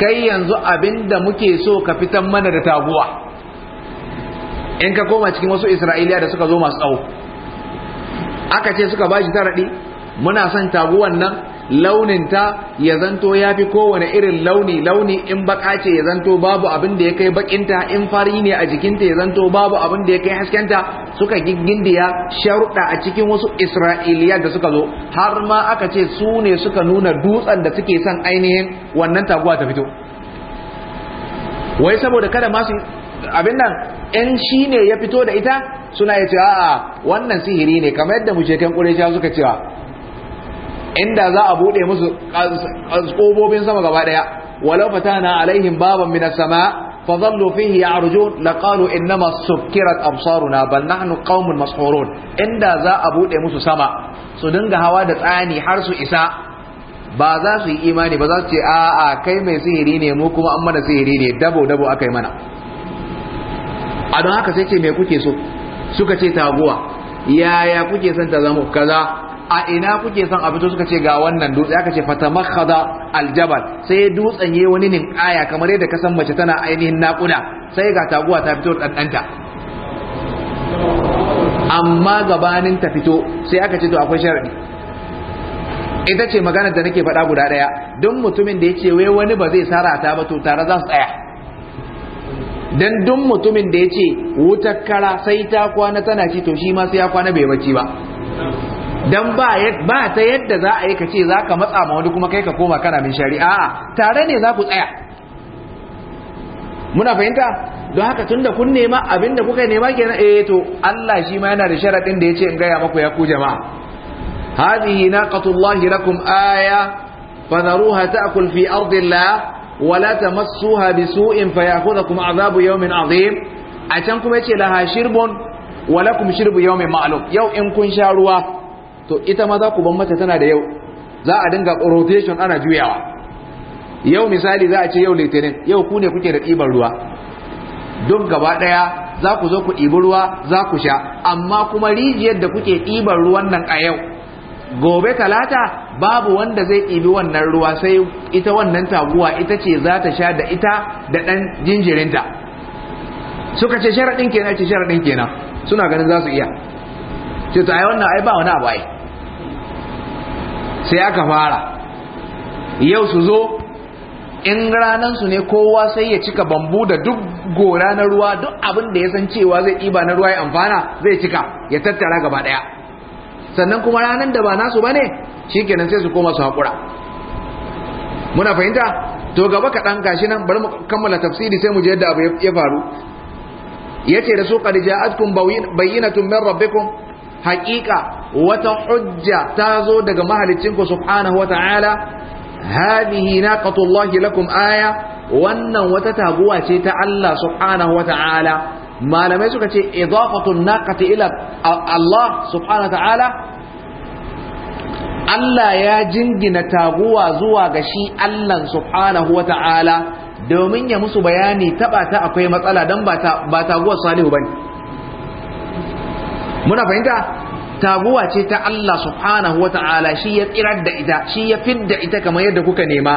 kai yanzu abin da muke so ka fitan mana da taguwa in ka koma cikin wasu isra'iliya da suka zo masu tsawo aka ce suka bashi taraɗi muna son taguwan nan launinta ya zanto ya fi kowane irin launi launi in baka ce ya zanto babu abin da ya kai bakinta in fari ne a jikinta ya zanto babu abin da ya kai haskenta suka gindiya sharuɗa a cikin wasu isra'iliya da suka zo har ma aka ce su ne suka nuna dutsen da suke son ainihin wannan taguwa ta fito wai saboda kada masu abin nan ƴan shi ne ya fito da ita suna ya ce a'a wannan sihiri ne kamar yadda kan quraisha suka cewa inda za a bude musu kobobin sama gaba daya walau fatana alaihim baban minas sama fa dhallu fihi ya'rujun laqalu innama sukkirat absaruna bal nahnu qaumun mashhurun inda za a bude musu sama su dinga hawa da tsani har su isa ba za su yi imani ba za su ce a a kai mai sihiri ne mu kuma an mana sihiri ne dabo dabo aka mana a don haka sai ce me kuke so suka ce taguwa yaya kuke son ta zama kaza a ina kuke son a fito suka ce ga wannan dutse aka ce fatamakhadha aljabal sai dutsen yayi wani aya kamar yadda kasan mace tana ainihin nakuda sai ga taguwa ta fito ɗanɗanta amma gabanin ta fito sai aka ce to akwai sharadi ita ce magana da nake faɗa guda ɗaya don mutumin da ya ce wai wani ba zai sarata ba to tare za su tsaya don duk mutumin da ya ce wutar kara sai ta kwana tana ci to shi ma sai ya kwana bai bacci ba dan ba ta yadda za a yi ka ce za ka matsa ma wani kuma kai ka koma kana min shari'a tare ne za ku tsaya muna fahimta don haka tunda kun nema abinda kuka nema kenan eh to Allah shi ma yana da sharaɗin da yace in gaya maku ya ku jama'a na naqatullahi lakum aya fadaruha ta'kul fi ardillah wa la tamassuha bisu'in fayakhudhukum azabu yawmin azim a can kuma yace laha hashirbun wa lakum shirbu yawmin ma'lum yau in kun sha ruwa to ita ma za ku ban mata tana da yau za a dinga rotation ana juyawa yau misali za a ce yau litinin yau ku ne kuke da ɗiban ruwa duk gaba ɗaya za ku zo ku ɗibi ruwa za ku sha amma kuma rijiyar da kuke ɗiban ruwan nan a yau gobe talata babu wanda zai ɗibi wannan ruwa sai ita wannan taguwa ita ce za ta sha da ita da ɗan jinjirinta suka ce sharaɗin kenan ce sharaɗin kenan suna ganin za su iya ce to ai wannan ai ba wani abu ai sai aka fara yau su zo in ranar su ne kowa sai ya cika bambu da duk gora na ruwa duk abin da ya san cewa zai ɗiba na ruwa ya amfana zai cika ya tattara gaba ɗaya sannan kuma ranar da ba nasu ba ne shi kenan sai su koma su haƙura muna fahimta to gaba kaɗan gashi nan bari mu kammala tafsiri sai mu je yadda abu ya faru yace da su qad ja'atkum bayyinatun min rabbikum haƙiƙa wata hujja ta zo daga mahalicinku subhanahu wa ta'ala hadihi naqatullahi lakum aya wannan wata taguwa ce ta Allah subhanahu wa ta'ala malamai suka ce idafatun naqati ila Allah subhanahu wa ta'ala Allah ya jingina taguwa zuwa ga shi Allah subhanahu wa ta'ala domin ya musu bayani taba ta akwai matsala dan ba ta ba taguwar salihu bane muna fahimta taguwa ce ta Allah subhanahu ta'ala shi ya tsirar da ita shi ya fidda ita kamar yadda kuka nema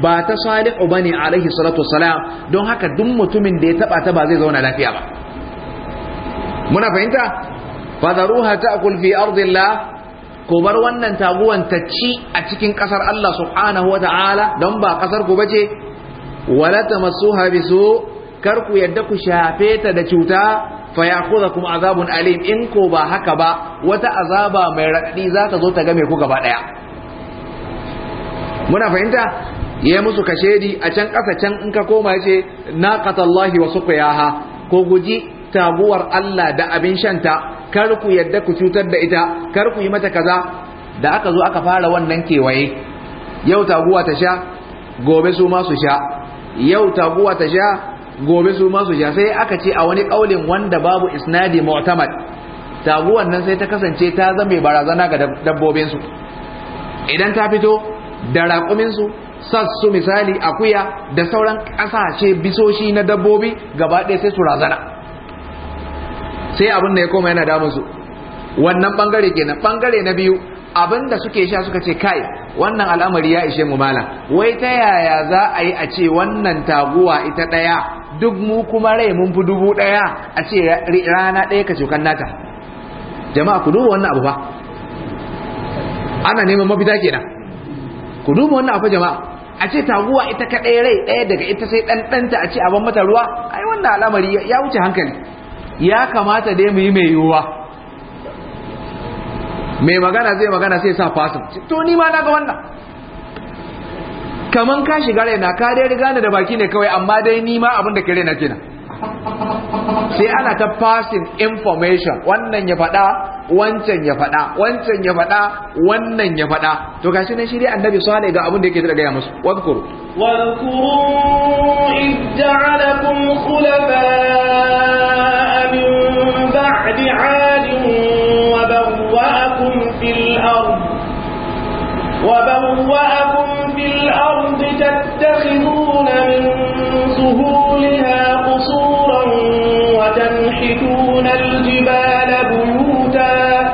ba ta salihu bane alaihi salatu wassalam don haka duk mutumin da ya taba ta ba zai zauna lafiya ba muna fahimta fadaruha ta'kul fi ardillah ko bar wannan taguwan ta ci a cikin kasar Allah subhanahu ta'ala don ba kasar ku bace wala tamassuha bisu kar ku yadda ku shafe ta da cuta fa ya kuma azabun alim in ko ba haka ba wata azaba mai raɗi za ta zo ta game ku gaba daya muna fahimta ya musu kashedi a can ƙasa can in ka koma yace naqatallahi wa suqiyaha ko guji taguwar Allah da abin shanta kar ku yadda ku cutar da ita kar ku yi mata kaza da aka zo aka fara wannan kewaye yau taguwa ta sha gobe su ma su sha yau taguwa ta sha gobe su masu su sai aka ce a wani kaulin wanda babu isnadi mu'tamad taguwan nan sai ta kasance ta zame barazana ga dabbobin su idan ta fito da raƙumin su sassu misali akuya da sauran ƙasashe bisoshi na dabbobi gaba ɗaya sai su razana sai abin da ya koma yana damun su wannan bangare kenan bangare na biyu abin da suke sha suka ce kai wannan al'amari ya ishe mu mala wai ta yaya za a yi a ce wannan taguwa ita ɗaya duk mu kuma rai mun fi dubu ɗaya a ce rana ɗaya ka cokan nata jama'a ku duba wannan abu ba ana neman mafita kenan ku duba wannan abu jama'a a ce taguwa ita kaɗai rai ɗaya daga ita sai ɗanɗanta a ce a ban mata ruwa ai wannan al'amari ya wuce hankali ya kamata dai mu yi mai yiwuwa mai magana zai magana sai sa fasin to ni ma na ga wannan kaman ka shiga raina ka dai riga ni da baki ne kawai amma dai ni ma abin da ke raina kina sai ana ta passing information wannan ya faɗa wancan ya faɗa wancan ya faɗa wannan ya faɗa to gashi ne shi dai annabi salih ga abin da yake da gaya musu wadkuru wadkuru id ja'alakum min ba'di 'adin wa bawwa'akum fil ard wa bawwa'akum في الأرض تتخذون من سهولها قصورا وتنحتون الجبال بيوتا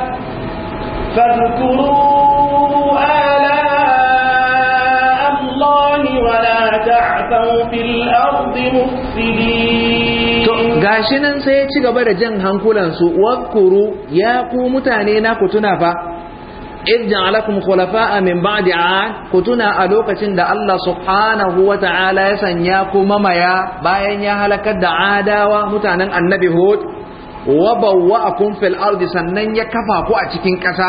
فاذكروا آلاء الله ولا تعثوا في الأرض مفسدين gashi nan sai ya ci gaba da jan hankulansu wakuru ya ku mutane na ku tuna fa irja alakum khulafa'a min ba'di ad ku tuna a lokacin da Allah subhanahu wa ta'ala ya sanya kuma maya, bayan ya halakar da adawa mutanen annabi hud wa bawwa'akum fil ardi sannan ya kafa ku a cikin ƙasa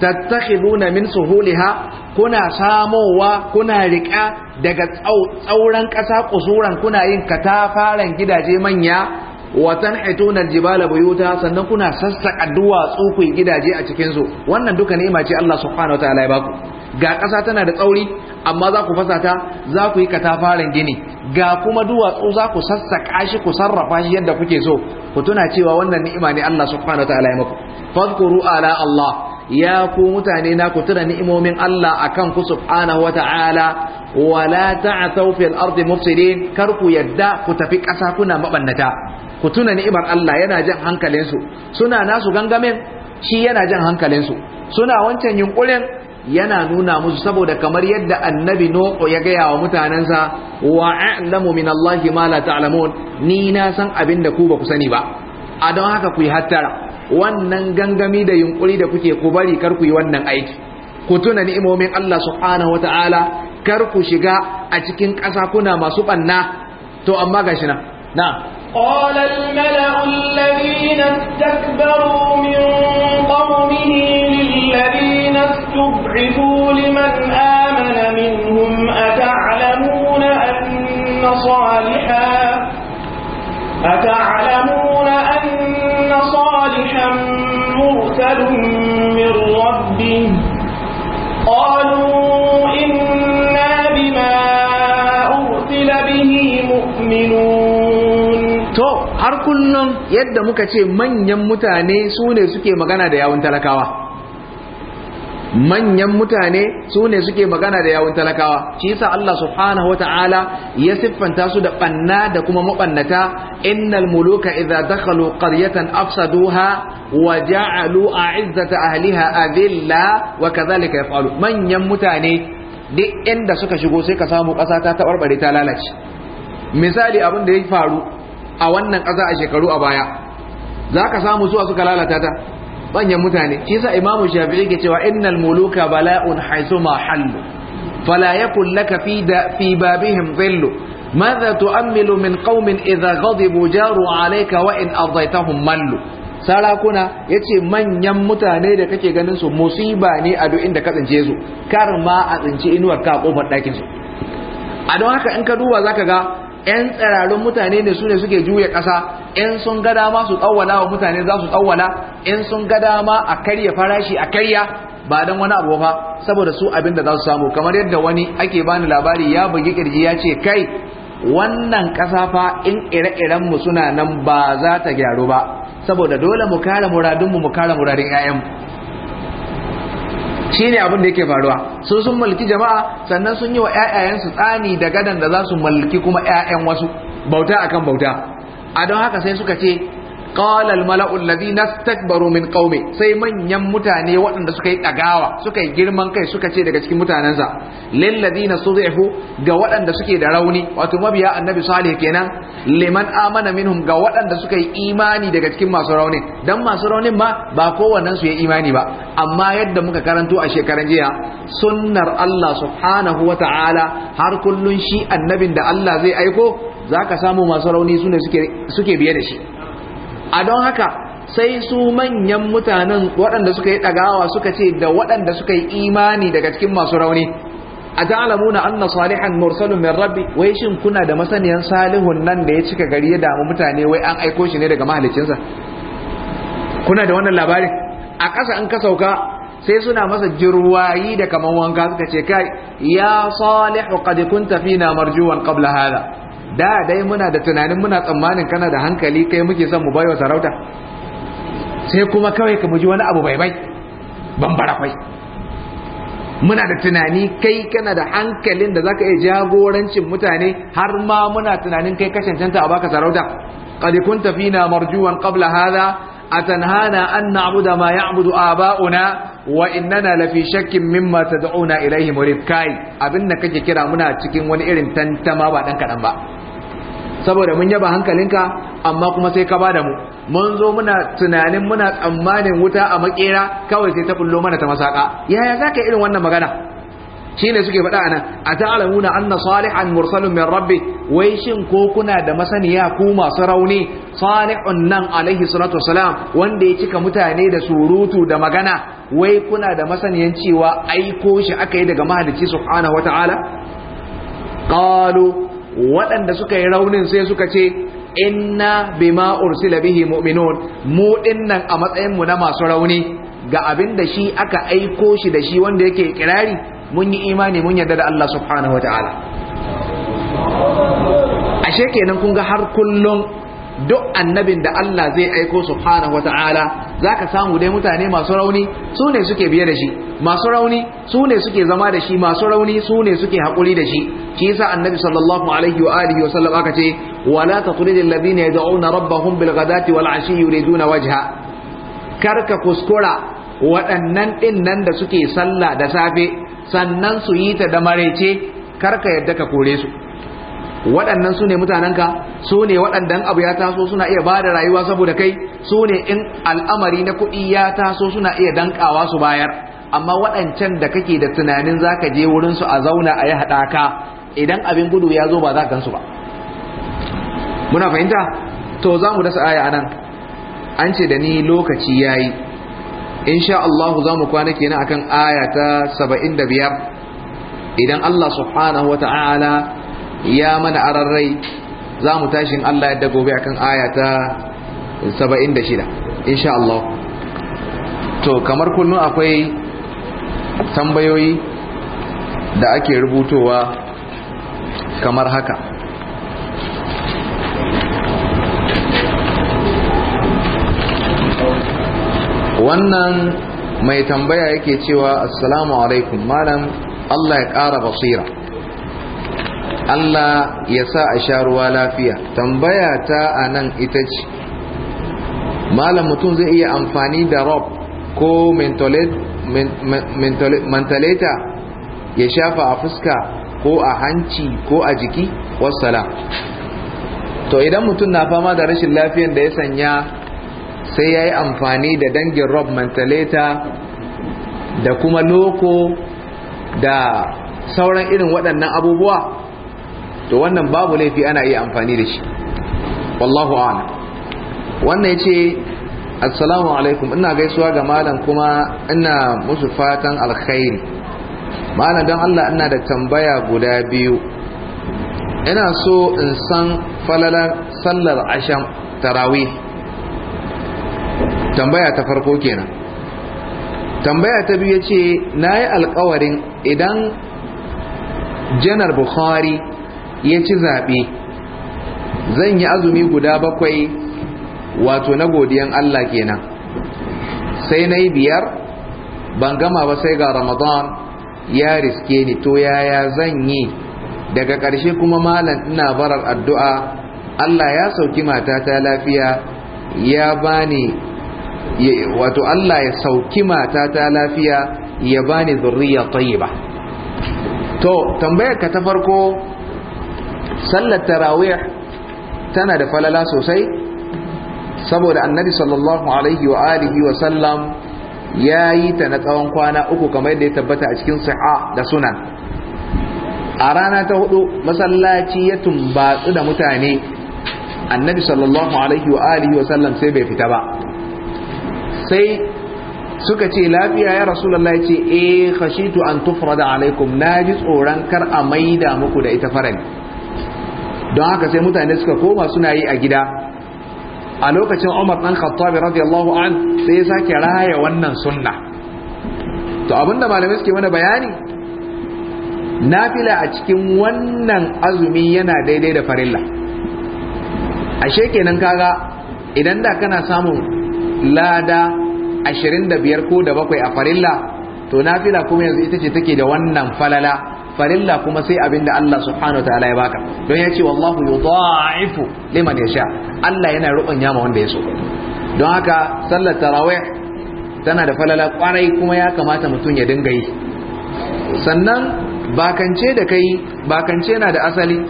tattakhiduna min suhuliha kuna samowa kuna riƙa daga tsauran ƙasa kusuran kuna yin katafaren gidaje manya wa tanhituna aljibala buyuta sannan kuna sassaka duwatsu ku gidaje a cikin wannan duka nema ce Allah subhanahu ta'ala ya baku ga ƙasa tana da tsauri amma za ku fasa ta za ku yi katafaren gini ga kuma duwatsu za ku sassaƙa shi ku sarrafa shi yadda kuke so ku tuna cewa wannan ni'ima ne Allah subhanahu ta'ala ya maku fadhkuru ala Allah ya ku mutane na ku tuna ni'imomin Allah akan ku subhanahu wa wala ta'thaw fil ardi mufsidin kar ku yadda ku tafi ƙasa kuna mabannata ku tuna ni'imar Allah yana jan hankalinsu suna nasu gangamin shi yana jan hankalinsu suna wancan yunkurin yana nuna musu saboda kamar yadda annabi Nuhu ya gaya wa mutanensa wa a'lamu min Allah ma la ta'lamun ni na san abin da ku ba ku sani ba a don haka ku yi hattara wannan gangami da yunkuri da kuke ku bari kar ku yi wannan aiki ku tuna ni'imomin Allah subhanahu wata'ala kar ku shiga a cikin ƙasa kuna masu banna to amma gashi na na'am قال الملأ الذين استكبروا من قومه للذين استبعدوا لمن آمن منهم أتعلمون أن صالحا أتعلمون أن صالحا مرسل من ربه قالوا to har kullum yadda muka ce manyan mutane su ne suke magana da yawun talakawa manyan mutane su ne suke magana da yawun talakawa shi sa Allah subhanahu ta'ala ya siffanta su da banna da kuma mabannata innal muluka idza dakhalu qaryatan afsaduha wa ja'alu a'izzata ahliha adilla wa kadhalika faru. manyan mutane duk inda suka shigo sai ka samu ƙasa ta tabarbare ta lalace misali abin da ya faru a wannan ƙasa a shekaru a baya za ka samu zuwa suka lalata ta banyan mutane shi sa imamu shafi'i ke cewa innal muluka bala'un haisuma hallu fala yakun laka fi da fi babihim dhillu ماذا تؤمل من قوم إذا غضبوا جاروا عليك وإن أرضيتهم ملوا sarakuna ya ce manyan mutane da kake ganin su musiba ne a duk inda ka tsince su kar ma a tsinci inuwar ka kofar ɗakin su a don haka in ka duba zaka ga 'yan tsirarun mutane ne su ne suke juya ƙasa in sun ga dama su tsawwala wa mutane za su tsawwala in sun ga dama a karya farashi a karya ba don wani abu ba saboda su abin da za su samu kamar yadda wani ake bani labari ya bugi kirji ya ce kai wannan ƙasa fa in ire-iren mu suna nan ba za ta gyaru ba saboda dole mu kare muradunmu mu kare muradin 'ya'yanmu Shi ne abin da yake faruwa su sun mulki jama'a sannan sun yi wa ƴaƴayensu tsani da gadan da za su mulki kuma ƴaƴan wasu bauta akan bauta a don haka sai suka ce قال الملأ mala'u استكبروا من قومه sai manyan mutane waɗanda suka yi dagawa suka yi girman kai suka ce daga cikin mutanensa lil ladina sudhifu ga waɗanda suke da rauni wato mabiya annabi salih kenan liman amana minhum ga waɗanda suka yi imani daga cikin masu rauni, dan masu raunin ma ba kowannen su yi imani ba amma yadda muka karanto a shekaran jiya sunnar Allah subhanahu wata'ala har kullun shi annabin da Allah zai aiko zaka samu masu rauni sune suke suke biye da shi a don haka sai su manyan mutanen waɗanda suka yi ɗagawa suka ce da waɗanda suka yi imani daga cikin masu rauni a na anna salihan mursalun min rabbi wai shin kuna da masaniyan salihun nan da ya cika gari ya damu mutane wai an aiko shi ne daga mahalicinsa kuna da wannan labari a ƙasa in ka sauka sai suna masa jirwayi da kaman wanka suka ce kai ya salihu qad tafi fina marjuwan qabla hada da dai muna da tunanin muna tsammanin kana da hankali kai muke son mu bayo sarauta sai kuma kawai ka muji wani abu bai bai bambara kwai muna da tunani kai kana da hankalin da zaka iya jagorancin mutane har ma muna tunanin kai ka cancanta a baka sarauta qad kunta fina marjuwan qabla hadha atanhana an na'budu ma ya'budu aba'una wa innana lafi shakkin mimma tad'una ilayhi murib kai abin kake kira muna cikin wani irin tantama ba dan kadan ba saboda mun yaba hankalinka amma kuma sai ka bada mu mun zo muna tunanin muna tsammanin wuta a makera kawai sai ta bullo mana ta masaka yaya zaka irin wannan magana shine suke faɗa anan talamuna anna salihan mursalun min rabbi wai shin ko kuna da masaniya ku masu rauni salihun nan alaihi salatu wasalam wanda ya cika mutane da surutu da magana wai kuna da masaniyan cewa aiko shi aka yi daga mahalicci subhanahu wataala qalu waɗanda suka yi raunin sai suka ce inna bima ursila bihi mu'minun mu dinnan a matsayin mu na masu rauni ga abin da shi aka aiko shi da shi wanda yake kirari mun yi imani mun yarda da Allah subhanahu wataala ashe kenan kun ga har kullum duk annabin da Allah zai aiko subhanahu wataala zaka samu dai mutane masu rauni su ne suke biye da shi masu rauni su ne suke zama da shi masu rauni su ne suke haƙuri da shi shi yasa annabi sallallahu alaihi wa alihi wa sallam aka ce wala taqulil ladina yad'una rabbahum bil ghadati wal ashi yuriduna wajha karka kuskura waɗannan din nan da suke sallah da safe sannan su yi ta da marece karka yadda ka kore su waɗannan su ne mutanenka su ne waɗannan abu ya taso suna iya ba da rayuwa saboda kai su ne in al'amari na kuɗi ya taso suna iya dankawa su bayar amma waɗancan da kake da tunanin za ka je wurinsu a zauna a yi haɗaka idan abin gudu ya zo ba za gansu ba muna fahimta to za mu dasa aya anan an ce da ni lokaci ya yi sha Allah za mu kwana kenan akan aya ta saba'in da biyar idan Allah subhanahu wa ta'ala ya mana ararrai za mu tashin Allah yadda gobe akan aya ta saba'in da shida sha Allah to kamar kullum akwai tambayoyi da ake rubutowa kamar haka wannan mai tambaya yake cewa assalamu alaikum malam Allah ya ƙara basira Allah ya sa a sha ruwa lafiya tambaya ta a nan ita ce malam mutum zai iya amfani da rob ko mentolate mentaleta ya shafa a fuska ko a hanci ko a jiki wassala to idan mutum na fama da rashin lafiyan da ya sanya sai ya yi amfani da dangin rob mentaleta da kuma loko da sauran irin waɗannan abubuwa to wannan babu laifi ana iya amfani da shi wallahu ana wannan ce. assalamu alaikum ina gaisuwa ga malam kuma ina musu fatan alkhairi malam don allah ina da tambaya guda biyu ina so in san falalar sallar ashan tarawih tambaya ta farko kenan tambaya ta biyu ce na yi alkawarin idan janar bukhari ya ci zaɓe zan yi azumi guda bakwai wato na godiyan Allah kenan sai na yi biyar ban gama ba sai ga ramadan ya riske ni to yaya zan yi daga ƙarshe kuma malam ina barar addu'a Allah ya sauki ta lafiya ya bani wato Allah ya sauki ta lafiya ya bani zurriya tayyiba to tambayar ka ta farko sallar tarawih tana da falala sosai saboda annabi sallallahu alaihi wa alihi wa sallam ya ta na tsawon kwana uku kamar yadda ya tabbata a cikin siha da sunan a rana ta hudu masallaci ya tumbatsu da mutane annabi sallallahu alaihi wa alihi wa sallam sai bai fita ba sai suka ce lafiya ya rasulullahi ce eh khashitu an tufrada alaikum naji tsoron kar a maida muku da ita farali don haka sai mutane suka koma suna yi a gida a lokacin Umar dan khattabi radiyallahu an sai ya sake raya wannan sunna to abinda malamai suke mana bayani nafila a cikin wannan azumi yana daidai da farilla A shekenan kaga idan da kana samun lada 25 ko da bakwai a farilla to nafila kuma yanzu ita ce take da wannan falala farilla kuma sai abinda Allah subhanahu ta'ala ya baka don ya ce wallahu yudha'ifu liman yasha Allah yana rubun ma wanda ya so don haka sallar tarawih tana da falala kwarai kuma ya kamata mutum ya dinga yi sannan bakance da kai bakance na da asali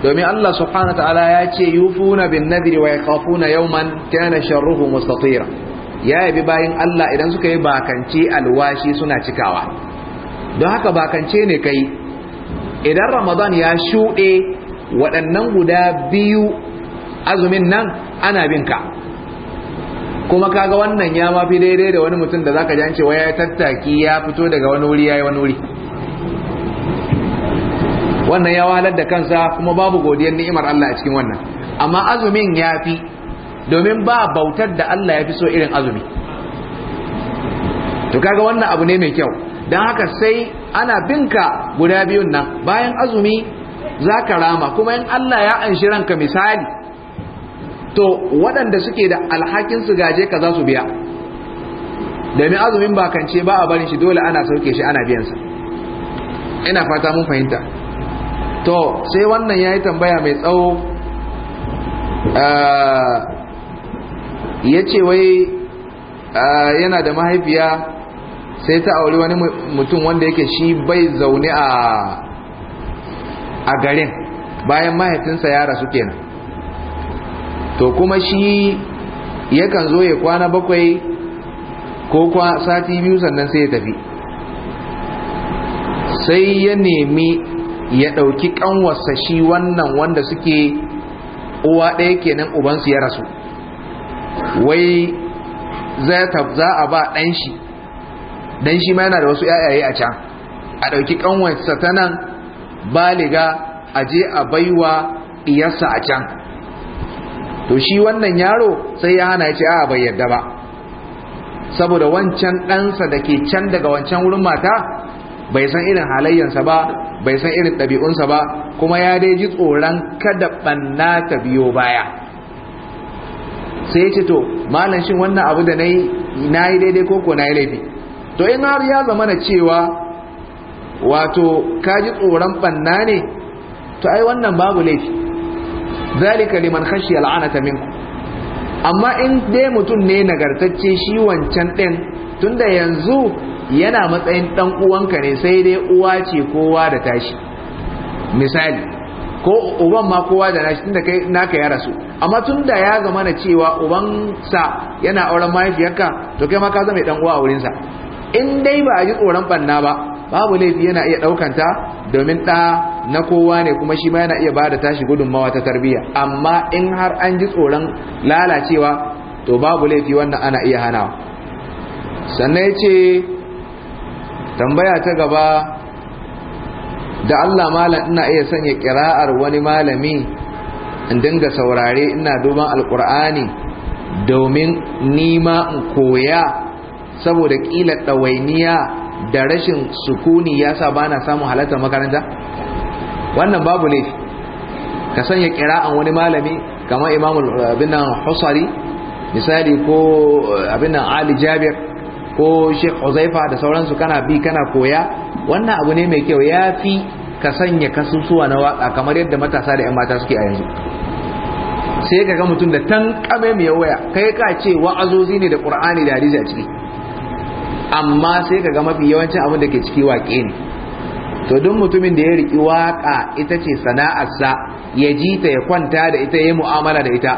domin Allah subhanahu ta'ala ya ce yufuna bin nadri wa yakhafuna yawman kana sharruhu mustatira ya yabi bayin Allah idan suka yi bakance alwashi suna cikawa don haka bakance ne kai idan ramadan ya shuɗe waɗannan guda biyu azumin nan ana bin ka kuma kaga wannan ya mafi daidai da wani mutum da za ka jance cewa ya tattaki ya fito daga wani wuri ya yi wani wuri wannan ya wahalar da kansa kuma babu godiyar ni'imar Allah a cikin wannan amma azumin ya fi domin ba bautar da Allah ya fi so irin azumi to kaga wannan abu ne mai kyau don haka sai ana binka guda biyun nan bayan azumi za ka rama kuma in Allah ya anshi ranka misali to waɗanda suke da alhakin su gaje ka za su biya domin azumin bakance ba a barin shi dole ana sauke shi ana biyansa ina fata mun fahimta to sai wannan ya yi tambaya mai tsawo ah, ya ce wai ah, yana da mahaifiya sai ta auri wani mutum wanda yake shi bai zaune a a garin bayan mahaifinsa ya rasu kenan to kuma shi yakan zo ya kwana bakwai ko kwa sati biyu sannan sai ya tafi sai ya nemi ya ɗauki ƙanwarsa shi wannan wanda suke uwa ɗaya kenan ubansu ya rasu wai za a ba ɗan shi dan shi ma yana da wasu yayaye a can a ɗauki kanwarsa ta nan baliga a je a baiwa iyarsa a can to shi wannan yaro sai ya hana ya ce a bai yadda ba saboda wancan ɗansa da ke can daga wancan wurin mata bai san irin halayyansa ba bai san irin ɗabi'unsa ba kuma ya dai ji tsoron kada ɓanna ta biyo baya sai ya ce to malam shin wannan abu da na yi daidai ko ko na yi laifi to in har ya zama na cewa wato kaji tsoron banna ne to ai wannan babu laifi zalika liman khashiya al'anata minku amma in dai mutum ne nagartacce shi wancan din tunda yanzu yana matsayin dan uwanka ne sai dai uwa ce kowa da tashi misali ko uban ma kowa da nashi tunda kai naka ya rasu amma tunda ya zama na cewa uban sa yana auren mahaifiyarka to kai ma ka zama dan uwa a wurin sa in dai ba a ji tsoron banna ba babu laifi yana iya ɗaukanta domin ɗa na kowa ne kuma shi ma yana iya bada tashi gudunmawa ta tarbiyya amma in har an ji tsoron lalacewa to babu laifi wannan ana iya hanawa sannan yace ce tambaya ta gaba da Allah malam ina iya sanya kira'ar wani malami in dinga saurare ina duban alkur'ani domin nima in koya saboda kila ɗawainiya da rashin sukuni ya sa ba na samun halartar makaranta wannan babu laifi ka sanya an wani malami kamar Imam abinan husari misali ko abin ali jabir ko sheikh uzaifa da sauransu kana bi kana koya wannan abu ne mai kyau ya fi ka sanya kasusuwa na waka kamar yadda matasa da 'yan mata suke a yanzu sai ka ga mutum da tan kame mai waya kai ka ce wa'azozi ne da qur'ani da hadisi a ciki amma sai ka kaga mafi yawancin abin da ke ciki waƙe ne to duk mutumin da ya riki waƙa ita ce sana'arsa ya ji ta ya kwanta da ita ya yi mu'amala da ita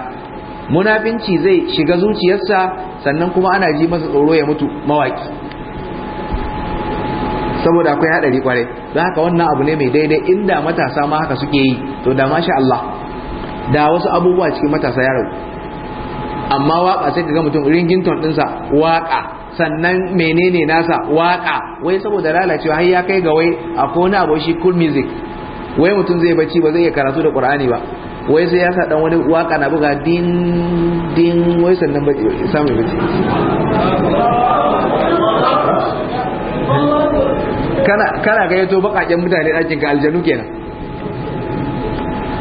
munafinci zai shiga zuciyarsa sannan kuma ana ji masa tsoro ya mutu mawaki saboda akwai haɗari kwarai za haka wannan abu ne mai daidai inda matasa ma haka suke yi to da masha Allah da wasu abubuwa cikin matasa ya rabu amma waka sai ka ga mutum ringin ton ɗinsa waka sannan menene nasa waka wai saboda lalacewa har ya kai ga wai akwai wani abu shi cool music wai mutum zai bacci ba zai iya karatu da qur'ani ba wai sai ya sa dan wani waka na buga din din wai sannan ba samu bacci kana kana ga yato bakaken mutane ɗakin ka aljanu kenan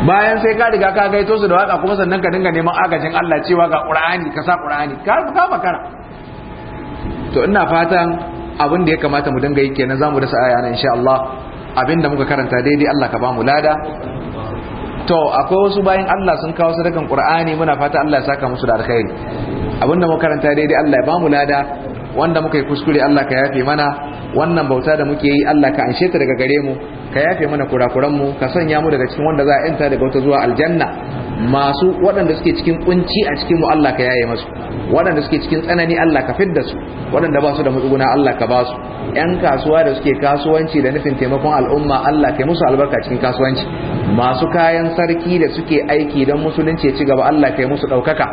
bayan sai ka riga ka gaito su da waka kuma sannan ka dinga neman agajin Allah cewa ga qur'ani ka sa qur'ani ka ka makara to ina fatan abin da ya kamata mu dinga yi kenan zamu dasa aya nan insha Allah abin da muka karanta daidai Allah ka bamu lada to akwai wasu bayin Allah sun kawo sadakan Qur'ani muna fata Allah ya saka musu da alkhairi da muka karanta daidai Allah ya bamu lada wanda muka yi kuskure Allah ka yafe mana wannan bauta da muke yi Allah ka anshe ta daga gare mu ka yafe mana kurakuran mu ka sanya mu daga cikin wanda za a yanta daga wata zuwa aljanna masu waɗanda suke cikin kunci a cikin mu Allah ka yaye masu waɗanda suke cikin tsanani Allah ka fidda su waɗanda ba su da matsuguna Allah ka ba su ƴan kasuwa da suke kasuwanci da nufin taimakon al'umma Allah ka musu albarka cikin kasuwanci masu kayan sarki da suke aiki don musulunci ci gaba Allah ka musu ɗaukaka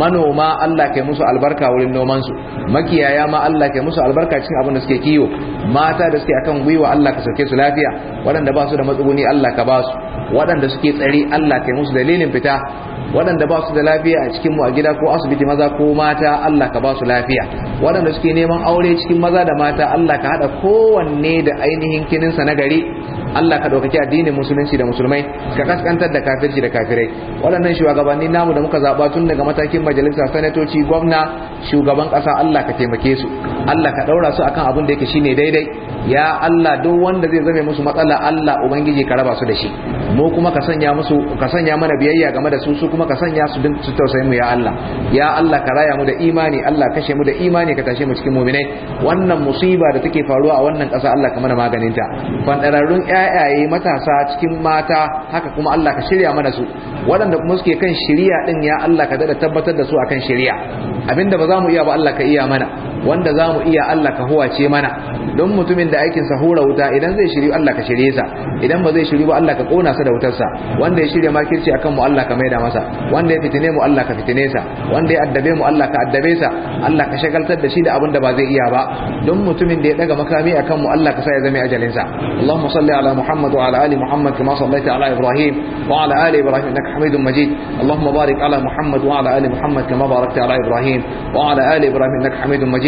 manoma Allah kai musu albarka wurin nomansu. su makiyaya ma Allah kai musu albarka cikin abin da suke kiwo mata da suke akan gwiwa Allah ka sauke su lafiya waɗanda ba su da matsuguni Allah ka ba su waɗanda suke tsari Allah kai musu dalilin fita waɗanda ba su da lafiya a cikin mu a gida ko asibiti maza ko mata Allah ka ba su lafiya waɗanda suke neman aure cikin maza da mata Allah ka haɗa kowanne da ainihin kininsa na gari Allah ka ɗaukaki addinin musulunci da musulmai ka kaskantar da kafirci da kafirai waɗannan shugabanni namu da muka zaɓa tun daga matakin majalisa sanatoci gwamna shugaban ƙasa Allah ka taimake su Allah ka ɗaura su akan abin da yake shine daidai ya Allah duk wanda zai zame musu matsala Allah ubangiji ka raba su da shi mu kuma ka sanya musu ka sanya mana biyayya game da su su kuma ka sanya su din su tausayi mu ya Allah ya Allah ka raya mu da imani Allah kashe mu da imani ka tashe mu cikin mu'minai wannan musiba da take faruwa a wannan ƙasa Allah ka mana maganin ta fandararrun ƴaƴaye matasa cikin mata haka kuma Allah ka shirya mana su waɗanda kuma suke kan shiriya din ya Allah ka dada tabbatar da su akan shiriya abinda ba za mu iya ba Allah ka iya mana wanda za mu iya Allah ka huwace mana don mutumin da aikinsa hura wuta idan zai shiryu Allah ka shirye sa idan ba zai shiryu ba Allah ka kona sa da wutarsa wanda ya shirya makirci akan mu Allah ka maida masa wanda ya fitine mu Allah ka fitine sa wanda ya addabe mu Allah ka addabe sa Allah ka shagaltar da shi da abin da ba zai iya ba don mutumin da ya daga makami akan mu Allah ka sa ya zama ajalin sa Allahumma salli ala Muhammad wa ala ali Muhammad kama sallaita ala Ibrahim wa ala ali Ibrahim innaka Hamidum Majid Allahumma barik ala Muhammad wa ala ali Muhammad kama barakta ala Ibrahim wa ala ali Ibrahim innaka Hamidum Majid